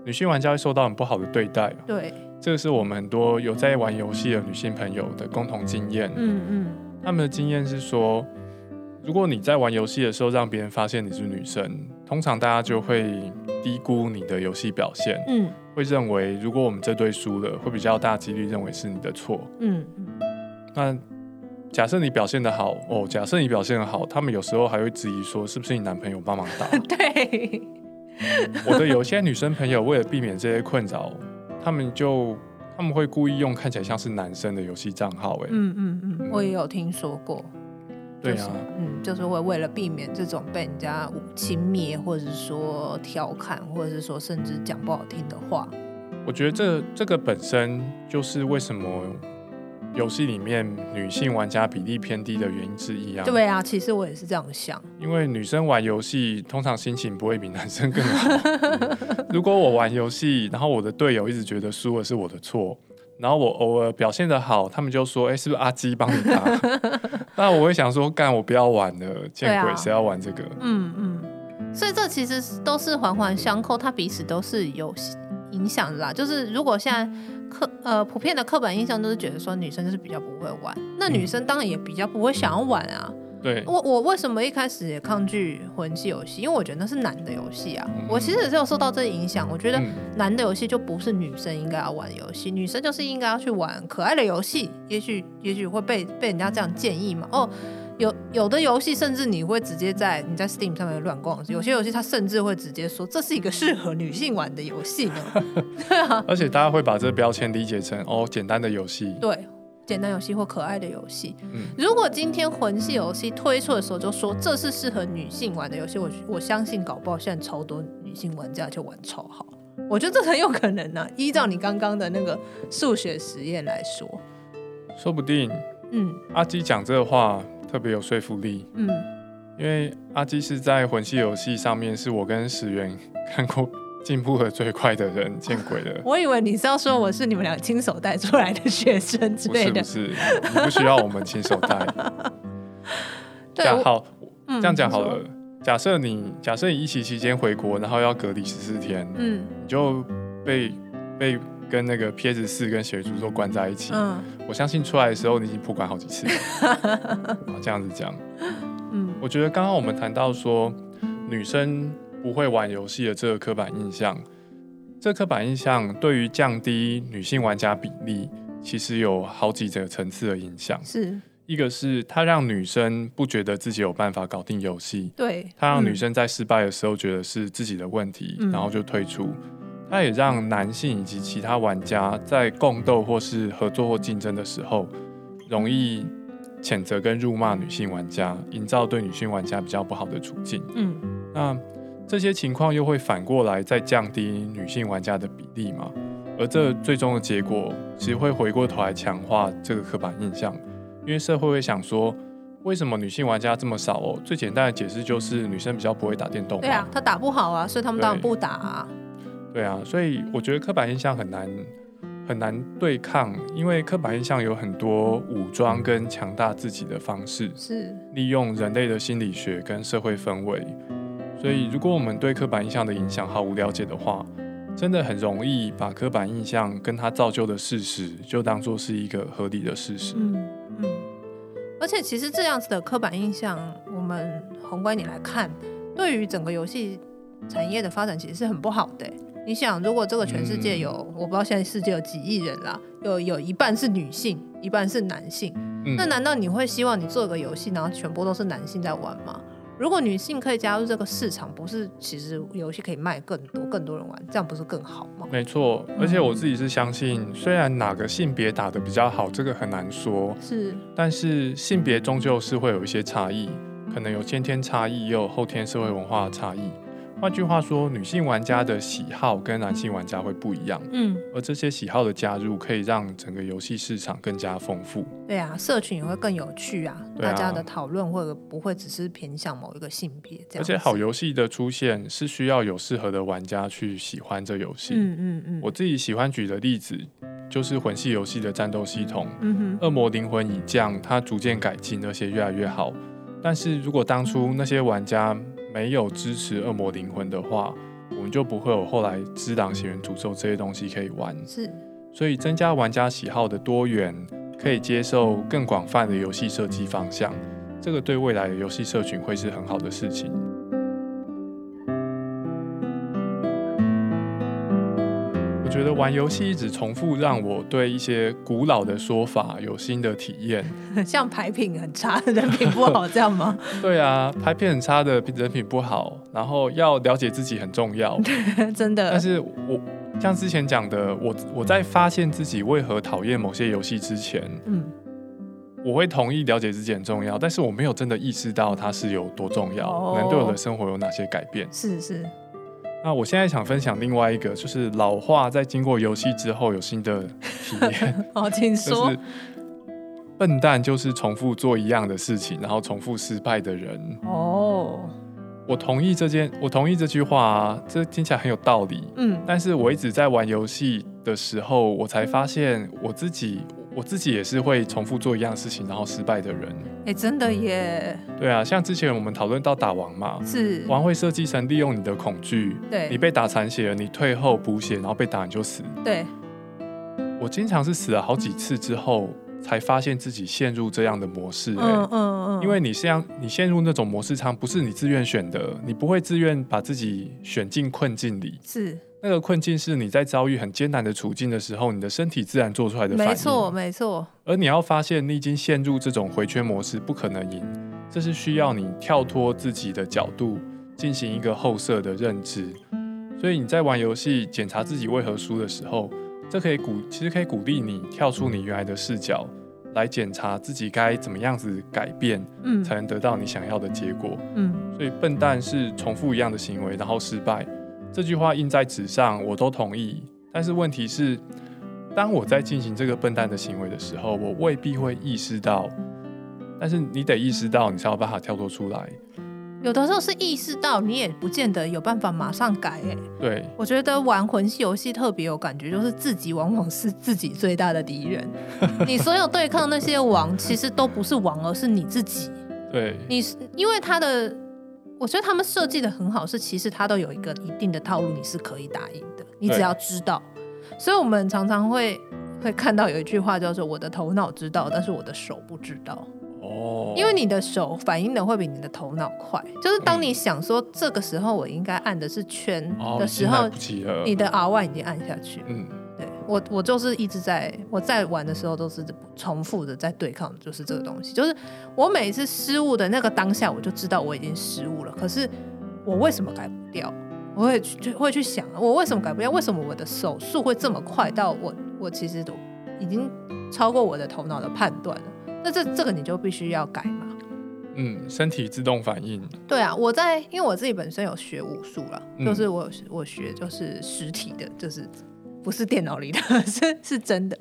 女性玩家會受到很不好的對待。對，這個是我們很多有在玩遊戲的女性朋友的共同經驗、嗯。嗯嗯，他們的經驗是說。如果你在玩遊戲的時候讓別人發現你是女生，通常大家就會低估你的遊戲表現，嗯，會認為如果我們這隊輸了，會比較大幾率認為是你的錯，嗯嗯。那假設你表現得好哦，假設你表現得好，他們有時候還會質疑說是不是你男朋友幫忙打？對、嗯。我的有些女生朋友為了避免這些困擾，他們就他們會故意用看起來像是男生的遊戲賬號、欸，誒，嗯嗯嗯，嗯我也有聽說過。就是、對啊，嗯，就是會為了避免這種被人家輕蔑，嗯、或者是說調侃，或者是說甚至講不好聽的話。我覺得這這個本身就是為什麼遊戲裡面女性玩家比例偏低的原因之一啊。對啊，其實我也是這樣想。因為女生玩遊戲通常心情不會比男生更好。 嗯、如果我玩遊戲，然後我的隊友一直覺得輸了是我的錯。然後我偶爾表現的好，他們就說：“哎、欸，是不是阿雞幫你打？” 那我會想說：“幹，我不要玩了，見鬼，誰、啊、要玩這個？”嗯嗯，所以這其實都是環環相扣，他彼此都是有影響的啦。就是如果現在刻呃普遍的刻板印象都是覺得說女生就是比較不會玩，那女生當然也比較不會想要玩啊。嗯嗯對我我為什麼一開始也抗拒魂系遊戲？因為我覺得那是男的遊戲啊。嗯、我其實也是有受到這影響。嗯、我覺得男的遊戲就不是女生應該要玩的遊戲，嗯、女生就是應該要去玩可愛的遊戲。也許也許會被被人家這樣建議嘛。哦，有有的遊戲甚至你會直接在你在 Steam 上面亂逛，有些遊戲它甚至會直接說這是一個適合女性玩的遊戲呢。對啊， 而且大家會把這個標籤理解成哦簡單的遊戲。對。簡單遊戲或可愛的遊戲，嗯、如果今天魂系遊戲推出的時候就說，這是適合女性玩的遊戲，嗯、我我相信搞不好現在超多女性玩家就玩超好，我覺得這很有可能呢、啊。依照你剛剛的那個數學實驗來說，說不定。嗯，阿雞講這話特別有說服力。嗯，因為阿雞是在魂系遊戲上面，是我跟石原看過進步和最快的人，見鬼了！我以為你是要說我是你們倆親手帶出來的學生之類的，不是 不是，不，是你不需要我們親手帶。 這樣好，嗯、這樣講好了。說假設你假設你疫情期間回國，然後要隔離十四天，嗯，你就被被跟那個 PS 四跟小玉竹都關在一起。嗯、我相信出來的時候，你已經破關好幾次了 好。這樣子講，嗯，我覺得剛剛我們談到說女生。不會玩遊戲的這個刻板印象，這個、刻板印象對於降低女性玩家比例，其實有好幾個層次的影響。是一個是它讓女生不覺得自己有辦法搞定遊戲，對，它讓女生在失敗的時候覺得是自己的問題，嗯、然後就退出。它也讓男性以及其他玩家在共鬥或是合作或競爭的時候，容易譴責跟辱罵女性玩家，營造對女性玩家比較不好的處境。嗯，那。這些情況又會反過來再降低女性玩家的比例嘛。而這最終的結果只會回過頭來強化這個刻板印象，因為社會會想說：為什麼女性玩家這麼少？哦，最簡單的解釋就是女生比較不會打電動。對，對啊，她打不好啊，所以他們當然不打。對啊，所以我覺得刻板印象很難很難對抗，因為刻板印象有很多武裝跟強大自己的方式，是利用人類的心理學跟社會氛圍。所以，如果我們對刻板印象的影響毫無了解的話，真的很容易把刻板印象跟它造就的事實就當作是一個合理的事實。嗯，嗯。而且，其實這樣子的刻板印象，我們宏觀你來看，對於整個遊戲產業的發展，其實是很不好的。你想，如果這個全世界有，嗯，我不知道現在世界有幾億人啦，有有一半是女性，一半是男性，嗯，那難道你會希望你做個遊戲，然後全部都是男性在玩嗎？如果女性可以加入這個市場，不是其實遊戲可以賣更多，更多人玩，這樣不是更好嗎？沒錯，而且我自己是相信，嗯、雖然哪個性別打得比較好，這個很難說，是，但是性別終究是會有一些差異，可能有先天差異，也有後天社會文化的差異。換句話說，女性玩家的喜好跟男性玩家會不一樣。嗯，嗯，而這些喜好的加入，可以讓整個遊戲市場更加豐富。對啊，社群也會更有趣啊。嗯、啊，大家的討論會不會只是偏向某一個性別。而且好遊戲的出現是需要有適合的玩家去喜歡這遊戲，嗯。嗯嗯嗯。我自己喜歡舉的例子就是魂系遊戲的戰鬥系統。嗯哼。惡魔靈魂以降，它逐漸改進，而且越來越好。但是如果當初那些玩家。沒有支持惡魔靈魂的話，我們就不會有後來隻狼血源詛咒這些東西可以玩。是，所以增加玩家喜好的多元，可以接受更廣泛的遊戲設計方向，這個對未來的遊戲社群會是很好的事情。嗯、我覺得玩遊戲一直重複，讓我對一些古老的說法有新的體驗，像牌品很差的人品不好這樣嗎？ 對啊，牌品很差的人品不好，然後要了解自己很重要， 真的。但是我像之前講的，我我在發現自己為何討厭某些遊戲之前，嗯，我會同意了解自己很重要，但是我沒有真的意識到它是有多重要，能對、哦、我的生活有哪些改變？是是。那我現在想分享另外一個，就是老話在經過遊戲之後有新的體驗。哦， 請說。就是笨蛋就是重複做一樣的事情，然後重複失敗的人。哦，我同意這件，我同意這句話啊，這聽起來很有道理。嗯，但是我一直在玩遊戲的時候，我才發現我自己。我自己也是會重複做一樣的事情，然後失敗的人，哎、欸，真的耶、嗯。對啊，像之前我們討論到打王嘛，是王會設計成利用你的恐懼。對，你被打殘血了，你退後補血，然後被打你就死。對，我經常是死了好幾次之後，嗯、才發現自己陷入這樣的模式、欸嗯。嗯嗯，因為你像你陷入那種模式，常不是你自願選的，你不會自願把自己選進困境裡。是。那個困境是，你在遭遇很艱難的處境的時候，你的身體自然做出來的反應。沒錯，沒錯。而你要發現你已經陷入這種回圈模式，不可能贏。這是需要你跳脫自己的角度，進行一個後設的認知。所以你在玩遊戲檢查自己為何輸的時候，這可以鼓，其實可以鼓勵你跳出你原來的視角，來檢查自己該怎麼樣子改變，嗯。才能得到你想要的結果，嗯。所以笨蛋是重複一樣的行為，然後失敗。這句話印在紙上，我都同意。但是問題是，當我在進行這個笨蛋的行為的時候，我未必會意識到。但是你得意識到，你才有辦法跳脫出來。有的時候是意識到，你也不見得有辦法馬上改。欸，對。我覺得玩魂系遊戲特別有感覺，就是自己往往是自己最大的敵人。 你所有對抗那些王，其實都不是王，而是你自己。對。你是因為他的。我覺得他們設計的很好，是其實它都有一個一定的套路，你是可以打贏的，你只要知道。對所以我們常常會會看到有一句話叫做“我的頭腦知道，但是我的手不知道”。哦，因為你的手反應的會比你的頭腦快。就是當你想說這個時候我應該按的是圈的時候，嗯哦、你的 R1 已經按下去了。嗯我我就是一直在我在玩的時候都是重複的在對抗，就是這個東西。就是我每一次失誤的那個當下，我就知道我已經失誤了。可是我為什麼改不掉？我會去會去想，我為什麼改不掉？為什麼我的手速會這麼快到我我其實都已經超過我的頭腦的判斷了？那這這個你就必須要改嘛。嗯，身體自動反應。對啊，我在因為我自己本身有學武術了，就是我、嗯、我學就是實體的，就是。不是電腦裡的，是是真的。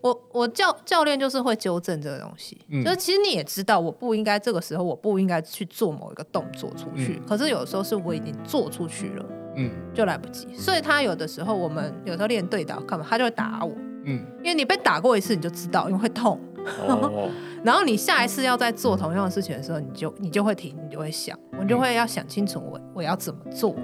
我我教教練就是會糾正這個東西。嗯、就是其實你也知道，我不應該這個時候，我不應該去做某一個動作出去。嗯、可是有時候是我已經做出去了，嗯，就來不及。嗯、所以他有的時候，我們有時候練對打幹嘛，他就會打我。嗯。因為你被打過一次，你就知道，因為會痛。哦哦哦， 然後你下一次要再做同樣的事情的時候，你就你就會停，你就會想，我就會要想清楚我，我、嗯、我要怎麼做。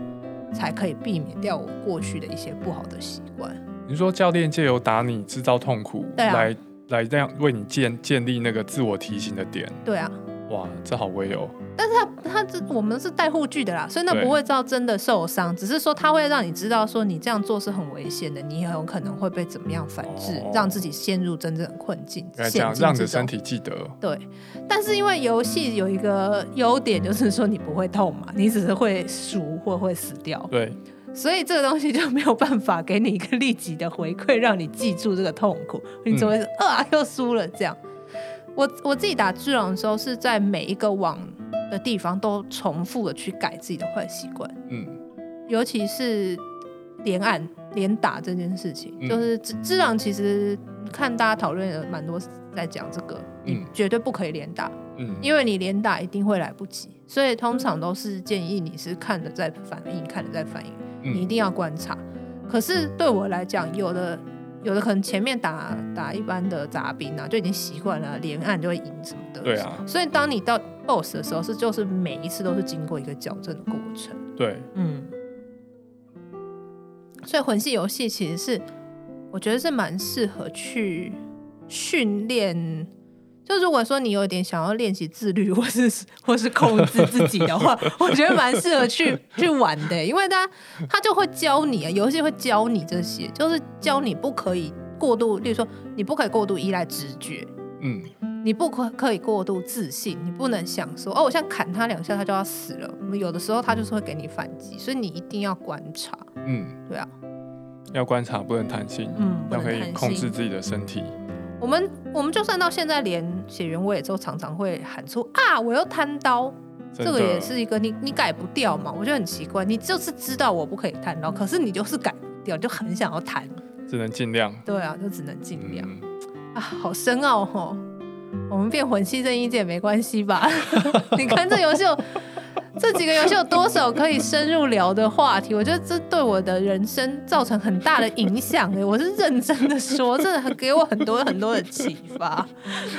才可以避免掉我過去的一些不好的習慣。你說教練借由打你制造痛苦，啊、來來這樣為你建建立那個自我提醒的點。對啊。哇，這好危險哦！但是他他這我們是帶護具的啦，所以那不會知道真的受傷，對只是說他會讓你知道說你這樣做是很危險的，你很有可能會被怎麼樣反制，哦、讓自己陷入真正的困境。想讓你身體記得對，但是因為遊戲有一個優點就是說你不會痛嘛，嗯、你只是會輸或會死掉。對，所以這個東西就沒有辦法給你一個立即的回饋，讓你記住這個痛苦，你只會是啊又輸了這樣。我我自己打隻狼的時候，是在每一個網的地方都重複的去改自己的壞習慣。嗯，尤其是連按連打這件事情，嗯、就是隻隻狼其實看大家討論蠻多，在講這個，嗯、你絕對不可以連打。嗯，因為你連打一定會來不及，所以通常都是建議你是看着再反應，看着再反應，嗯、你一定要觀察。嗯、可是對我來講，嗯、有的。有的可能前面打打一般的雜兵啊，就已經習慣了，啊、連按就會贏什麼的。對啊，所以當你到 boss 的時候，是就是每一次都是經過一個矯正的過程。對，嗯。所以魂系遊戲其實是，我覺得是蠻適合去訓練。就如果說你有點想要練習自律或是或是控制自己的話， 我覺得蠻適合去去玩的，因為他他就會教你、啊，遊戲會教你這些，就是教你不可以過度，例如說你不可以過度依賴直覺，嗯，你不可可以過度自信，你不能想說哦，我想砍他兩下他就要死了，有的時候他就是會給你反擊，所以你一定要觀察，嗯，對啊，要觀察不能貪心、嗯，不能貪心，嗯，要可以控制自己的身體。我們我們就算到現在連血源我也都，常常會喊出啊，我要貪刀，的這個也是一個你你改不掉嘛。我覺得很奇怪，你就是知道我不可以貪刀，可是你就是改不掉，你就很想要貪，只能盡量。對啊，就只能盡量、嗯、啊，好深奧哦，哦。我們變成魂系任意鍵，也沒關係吧？ 你看這遊戲。 這幾個遊戲有多少可以深入聊的話題？ 我覺得這對我的人生造成很大的影響哎，我是認真的說，這給我很多很多的啟發。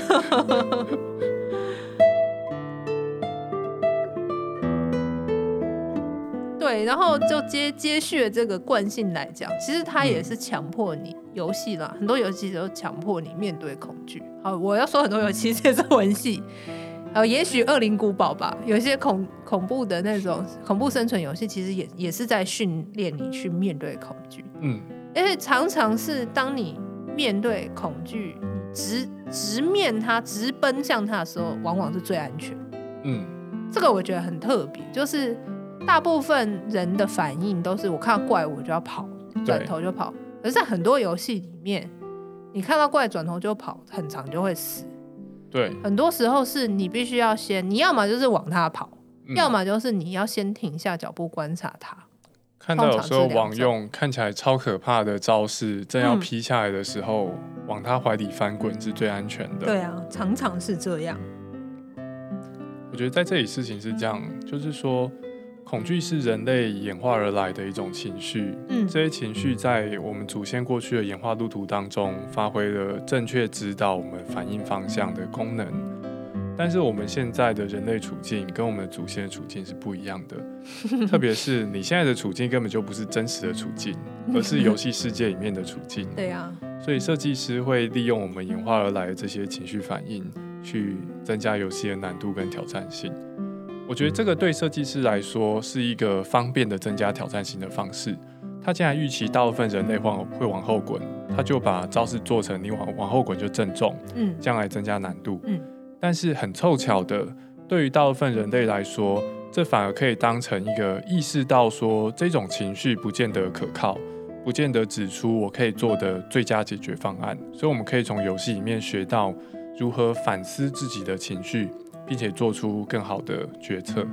對，然後就接接續這個慣性來講，其實它也是強迫你、嗯、遊戲啦，很多遊戲都強迫你面對恐懼。好，我要說很多遊戲， 其實也是文戲。呃，也許惡靈古堡吧，有一些恐恐怖的那種恐怖生存遊戲，其實也也是在訓練你去面對恐懼。嗯，而且常常是當你面對恐懼，你直直面它，直奔向它的時候，往往是最安全。嗯，這個我覺得很特別，就是大部分人的反應都是我看到怪物我就要跑，轉頭就跑。可是對在很多遊戲裡面，你看到怪轉頭就跑，很常就會死。對，很多時候是你必須要先，你要麼就是往他跑，嗯、要麼就是你要先停下腳步觀察他。看到有時候往用看起來超可怕的招式正要劈下來的時候，往他懷裡翻滾是最安全的，嗯。對啊，常常是這樣。我覺得在這裡事情是這樣，嗯、就是說。恐懼是人類演化而來的一種情緒，嗯，這些情緒在我們祖先過去的演化路途當中，發揮了正確指導我們反應方向的功能。但是我們現在的人類處境跟我們祖先的處境是不一樣的，特別是你現在的處境根本就不是真實的處境，而是遊戲世界裡面的處境。對呀，所以設計師會利用我們演化而來的這些情緒反應，去增加遊戲的難度跟挑戰性。我覺得這個對設計師來說是一個方便的增加挑戰性的方式。他既然預期大部分人類會往後滾，他就把招式做成你往往後滾就正中，嗯，將來增加難度，嗯。嗯，但是很湊巧的，對於大部分人類來說，這反而可以當成一個意識到說這種情緒不見得可靠，不見得指出我可以做的最佳解決方案。所以我們可以從遊戲裡面學到如何反思自己的情緒。並且做出更好的決策。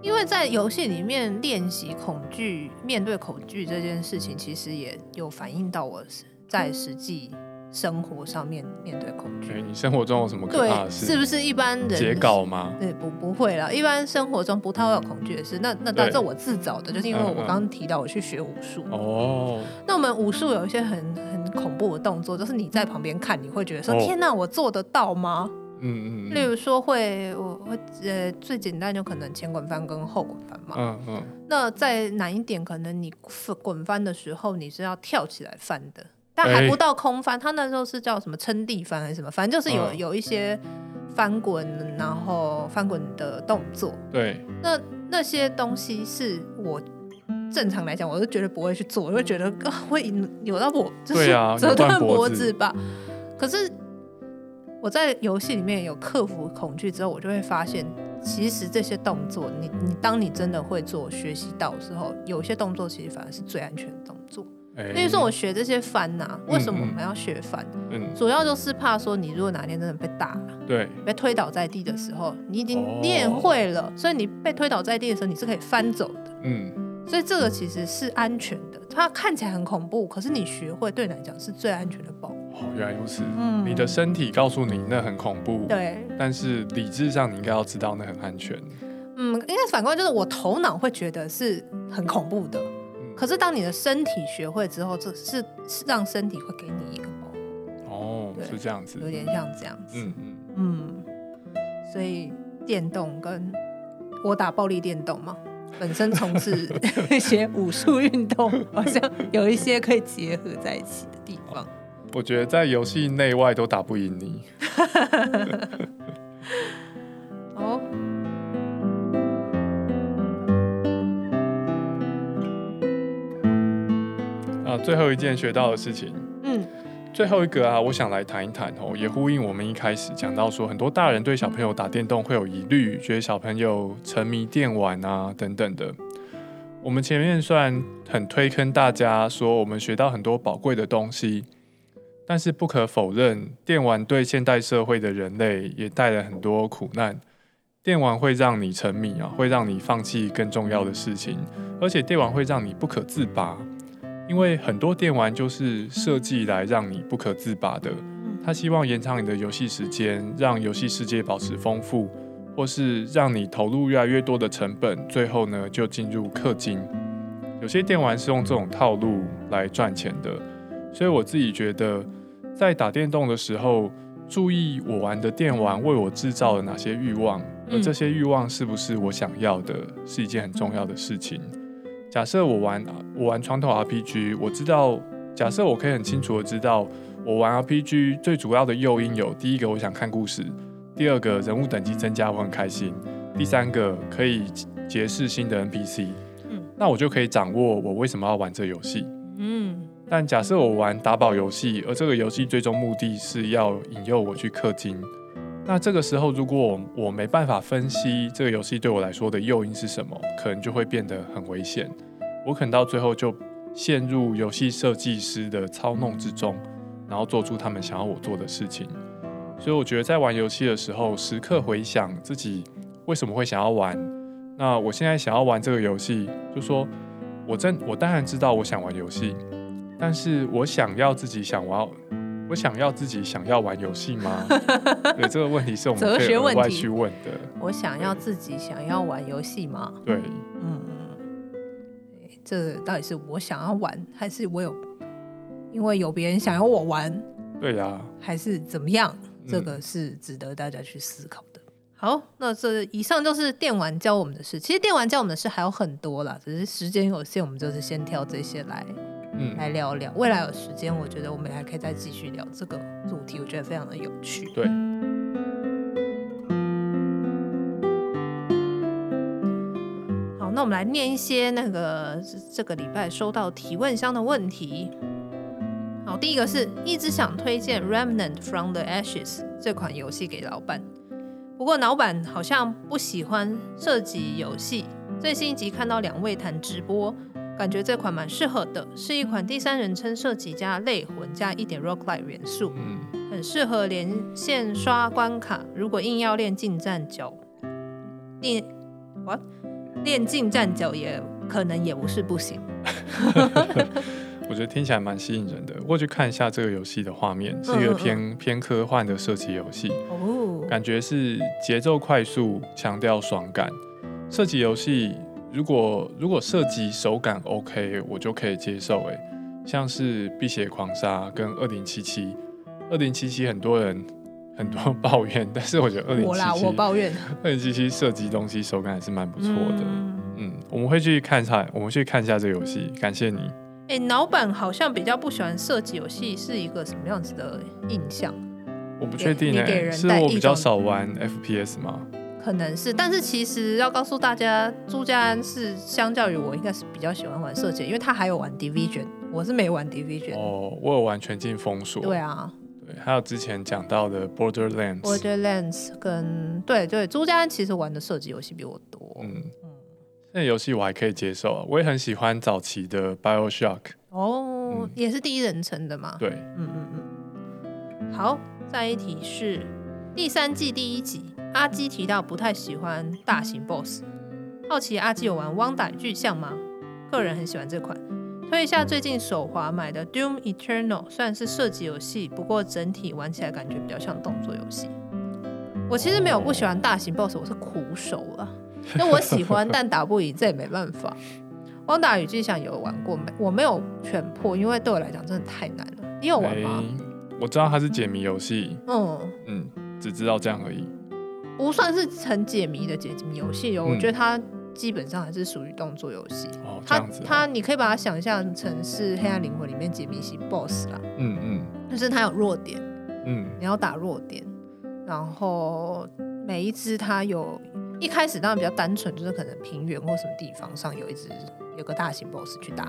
因為在遊戲裡面練習恐懼、面對恐懼這件事情，其實也有反映到我在實際生活上面面對恐懼。你生活中有什麼可怕的事？是不是一般人截稿嗎？對，不不會啦。一般生活中不太會有恐懼的事。那那，但是這我自找的，對就是因為我剛剛提到我去學武術。哦、嗯。嗯、那我們武術有一些很很恐怖的動作，就是你在旁邊看，你會覺得說：“哦、天哪，我做得到嗎？”嗯嗯，例如說會我會呃、欸、最簡單就可能前滾翻跟後滾翻嘛。嗯嗯。嗯那再難一點，可能你滾翻的時候你是要跳起來翻的，但還不到空翻，他、欸、那時候是叫什麼撐地翻還是什麼，反正就是有、嗯、有一些翻滾，然後翻滾的動作。對。嗯、那那些東西是我正常來講我都絕對不會去做，因為覺得會扭到我，對啊，折斷脖子吧。啊、子可是。我在遊戲裡面有克服恐懼之後，我就會發現，其實這些動作你，你、嗯、你當你真的會做、學習到的時候，有些動作其實反而是最安全的動作。比如、欸、說我學這些翻吶、啊，為什麼我們要學翻？嗯嗯、主要就是怕說你如果哪天真的被打，對、嗯，被推倒在地的時候，對你已經練會了，哦、所以你被推倒在地的時候，你是可以翻走的。嗯，所以這個其實是安全的，它，看起來很恐怖，可是你學會對你來講是最安全的保護。哦、原來如此，嗯、你的身體告訴你那很恐怖，對，但是理智上你應該要知道那很安全。嗯，應該反過來，就是我頭腦會覺得是很恐怖的，嗯、可是當你的身體學會之後，這是讓身體會給你一個包哦，對是這樣子，有點像這樣子，嗯、嗯所以電動跟我打暴力電動嘛，本身從事那些 武術運動， 好像有一些可以結合在一起的地方。我覺得在遊戲內外都打不贏你。哦。啊，最後一件學到的事情。嗯。最後一個啊，我想來談一談哦，也呼應我們一開始講到說，很多大人對小朋友打電動會有疑慮，覺得小朋友沉迷電玩啊等等的。我們前面算很推坑大家，說我們學到很多寶貴的東西。但是不可否認，電玩對現代社會的人類也帶來很多苦難。電玩會讓你沉迷啊，會讓你放棄更重要的事情，而且電玩會讓你不可自拔，因為很多電玩就是設計來讓你不可自拔的。它希望延長你的遊戲時間，讓遊戲世界保持豐富，或是讓你投入越來越多的成本，最後呢就進入課金。有些電玩是用這種套路來賺錢的，所以我自己覺得，在打電動的時候，注意我玩的電玩為我制造了哪些慾望，而這些慾望是不是我想要的，是一件很重要的事情。假設我玩我玩傳統 RPG，我知道，假設我可以很清楚的知道，我玩 RPG 最主要的誘因有：第一個，我想看故事；第二個人物等級增加，我很開心；第三個，可以結識新的 NPC。嗯，那我就可以掌握我為什麼要玩這遊戲。但假設我玩打寶遊戲，而這個遊戲最終目的是要引誘我去課金，那這個時候如果我沒辦法分析這個遊戲對我來說的誘因是什麼，可能就會變得很危險。我可能到最後就陷入遊戲設計師的操弄之中，然後做出他們想要我做的事情。所以我覺得在玩遊戲的時候，時刻回想自己為什麼會想要玩。那我現在想要玩這個遊戲，就說我真我當然知道我想玩遊戲。但是我想要自己想玩，我想要自己想要玩遊戲嗎？ 對，這個問題是我們額外去問的。我想要自己想要玩遊戲嗎？對，嗯，這個、到底是我想要玩，還是我有因為有別人想要我玩？對呀、啊，還是怎麼樣？這個是值得大家去思考的。嗯、好，那這以上就是電玩教我們的事。其實電玩教我們的事還有很多啦，只是時間有限，我們就是先挑這些來。嗯、來聊聊未來。有時間，我覺得我們還可以再繼續聊這個主題，我覺得非常的有趣。對。好，那我們來念一些那個這個禮拜收到提問箱的問題。好，第一個是一直想推薦《Remnant from the Ashes》這款遊戲給老板，不過老板好像不喜歡射擊遊戲。最新一集看到兩位談直播。感覺這款蠻適合的，是一款第三人稱射擊加類魂加一點 Roguelike 元素，嗯，很適合連線刷關卡。如果硬要練近戰腳，練我練近戰腳也可能也不是不行。 我覺得聽起來蠻吸引人的。我去看一下這個遊戲的畫面，是一個偏偏科幻的射擊遊戲。哦、嗯嗯，感覺是節奏快速，強調爽感，射擊遊戲。如果如果射擊手感 OK，我就可以接受。欸。哎，像是《辟邪狂殺》跟《二零七七》，二零七七很多人很多抱怨，嗯、但是我覺得二零七七，我啦我抱怨二零七七射擊東西手感還是蠻不錯的。嗯，嗯我，我們會去看一下，我們去看一下這遊戲。感謝你。哎、欸，老闆好像比較不喜歡射擊遊戲，是一個什麼樣子的印象？我不確定、欸，欸、是我比較少玩 FPS 嗎？嗯可能是，但是其實要告訴大家，朱家安是相較於我，應該是比較喜歡玩射擊，因為他還有玩 Division，我是沒玩 Division。哦，我有玩《全境封鎖》。對啊，對，還有之前講到的 Borderlands。Borderlands 跟對對，朱家安其實玩的射擊遊戲比我多。嗯，那遊戲我還可以接受，我也很喜歡早期的 BioShock。哦，嗯、也是第一人稱的嘛。對，嗯嗯嗯。好，再一題是第三季第一集。阿基提到不太喜歡大型 BOSS，好奇阿基有玩《汪達與巨像》嗎？個人很喜歡這款，推一下最近手滑買的《Doom Eternal》，雖然是射擊遊戲，不過整體玩起來感覺比較像動作遊戲。我其實沒有不喜歡大型 BOSS，我是苦手了，那我喜歡但打不贏，這也沒辦法。《 汪達與巨像》有玩過沒？我沒有全破，因為對我來講真的太難了。你有玩嗎？我知道它是解謎遊戲，嗯嗯，只知道這樣而已。不算是很解謎的解謎遊戲哦，嗯、我覺得它基本上還是屬於動作遊戲。它、嗯、它，哦、它你可以把它想象成是《黑暗靈魂》裡面解謎型 BOSS 啦。嗯嗯。嗯，就是它有弱點。嗯。你要打弱點，然後每一只它有，一開始當然比較單純，就是可能平原或什麼地方上有一只有個大型 BOSS 去打。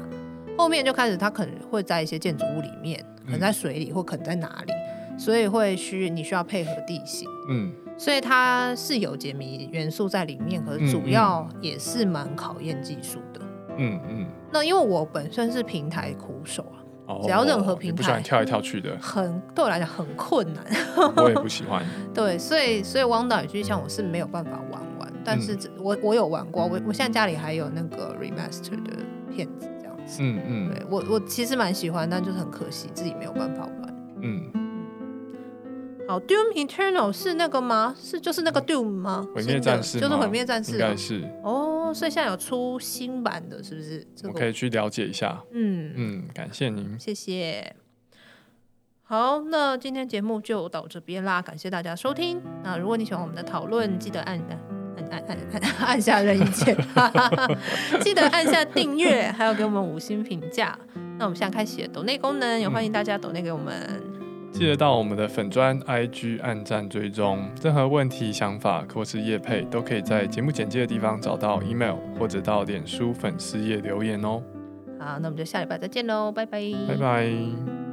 後面就開始它可能會在一些建築物裡面，可能在水裡，或可能在哪裡，所以會需你需要配合地形。嗯。所以它是有解謎元素在裡面，可是主要也是蠻考驗技術的。嗯嗯。嗯，那因為我本身是平台苦手啊，哦、只要任何平台，不喜歡跳來跳去的，很對我來講很困難。 我也不喜歡。對，所以所以汪達與巨像我是沒有辦法玩玩，嗯、但是我我有玩過，我我現在家裡還有那個 remaster 的片子這樣子。嗯嗯。嗯對，我我其實蠻喜歡，但就是很可惜自己沒有辦法玩。嗯。哦、oh,Doom Eternal 是那個嗎？是就是那個 Doom 嗎？毀滅、呃、戰士，就是毀滅戰士、啊。應該是哦，oh, 所以現在有出新版的，是不是？這個，我可以去了解一下。嗯嗯，感謝您，謝謝。好，那今天節目就到這邊啦，感謝大家收聽。那如果你喜歡我們的討論，記得按、嗯、按按按按按下任意鍵， 記得按下訂閱，還有給我們五星評價。那我們現在開始抖內功能，也歡迎大家抖內給我們。記得到我們的粉專、IG、按讚追蹤，任何問題、想法，或是業配都可以在節目簡介的地方找到 email，或者到臉書粉絲頁留言哦。好，那我們就下禮拜再見嘍，拜拜。拜拜。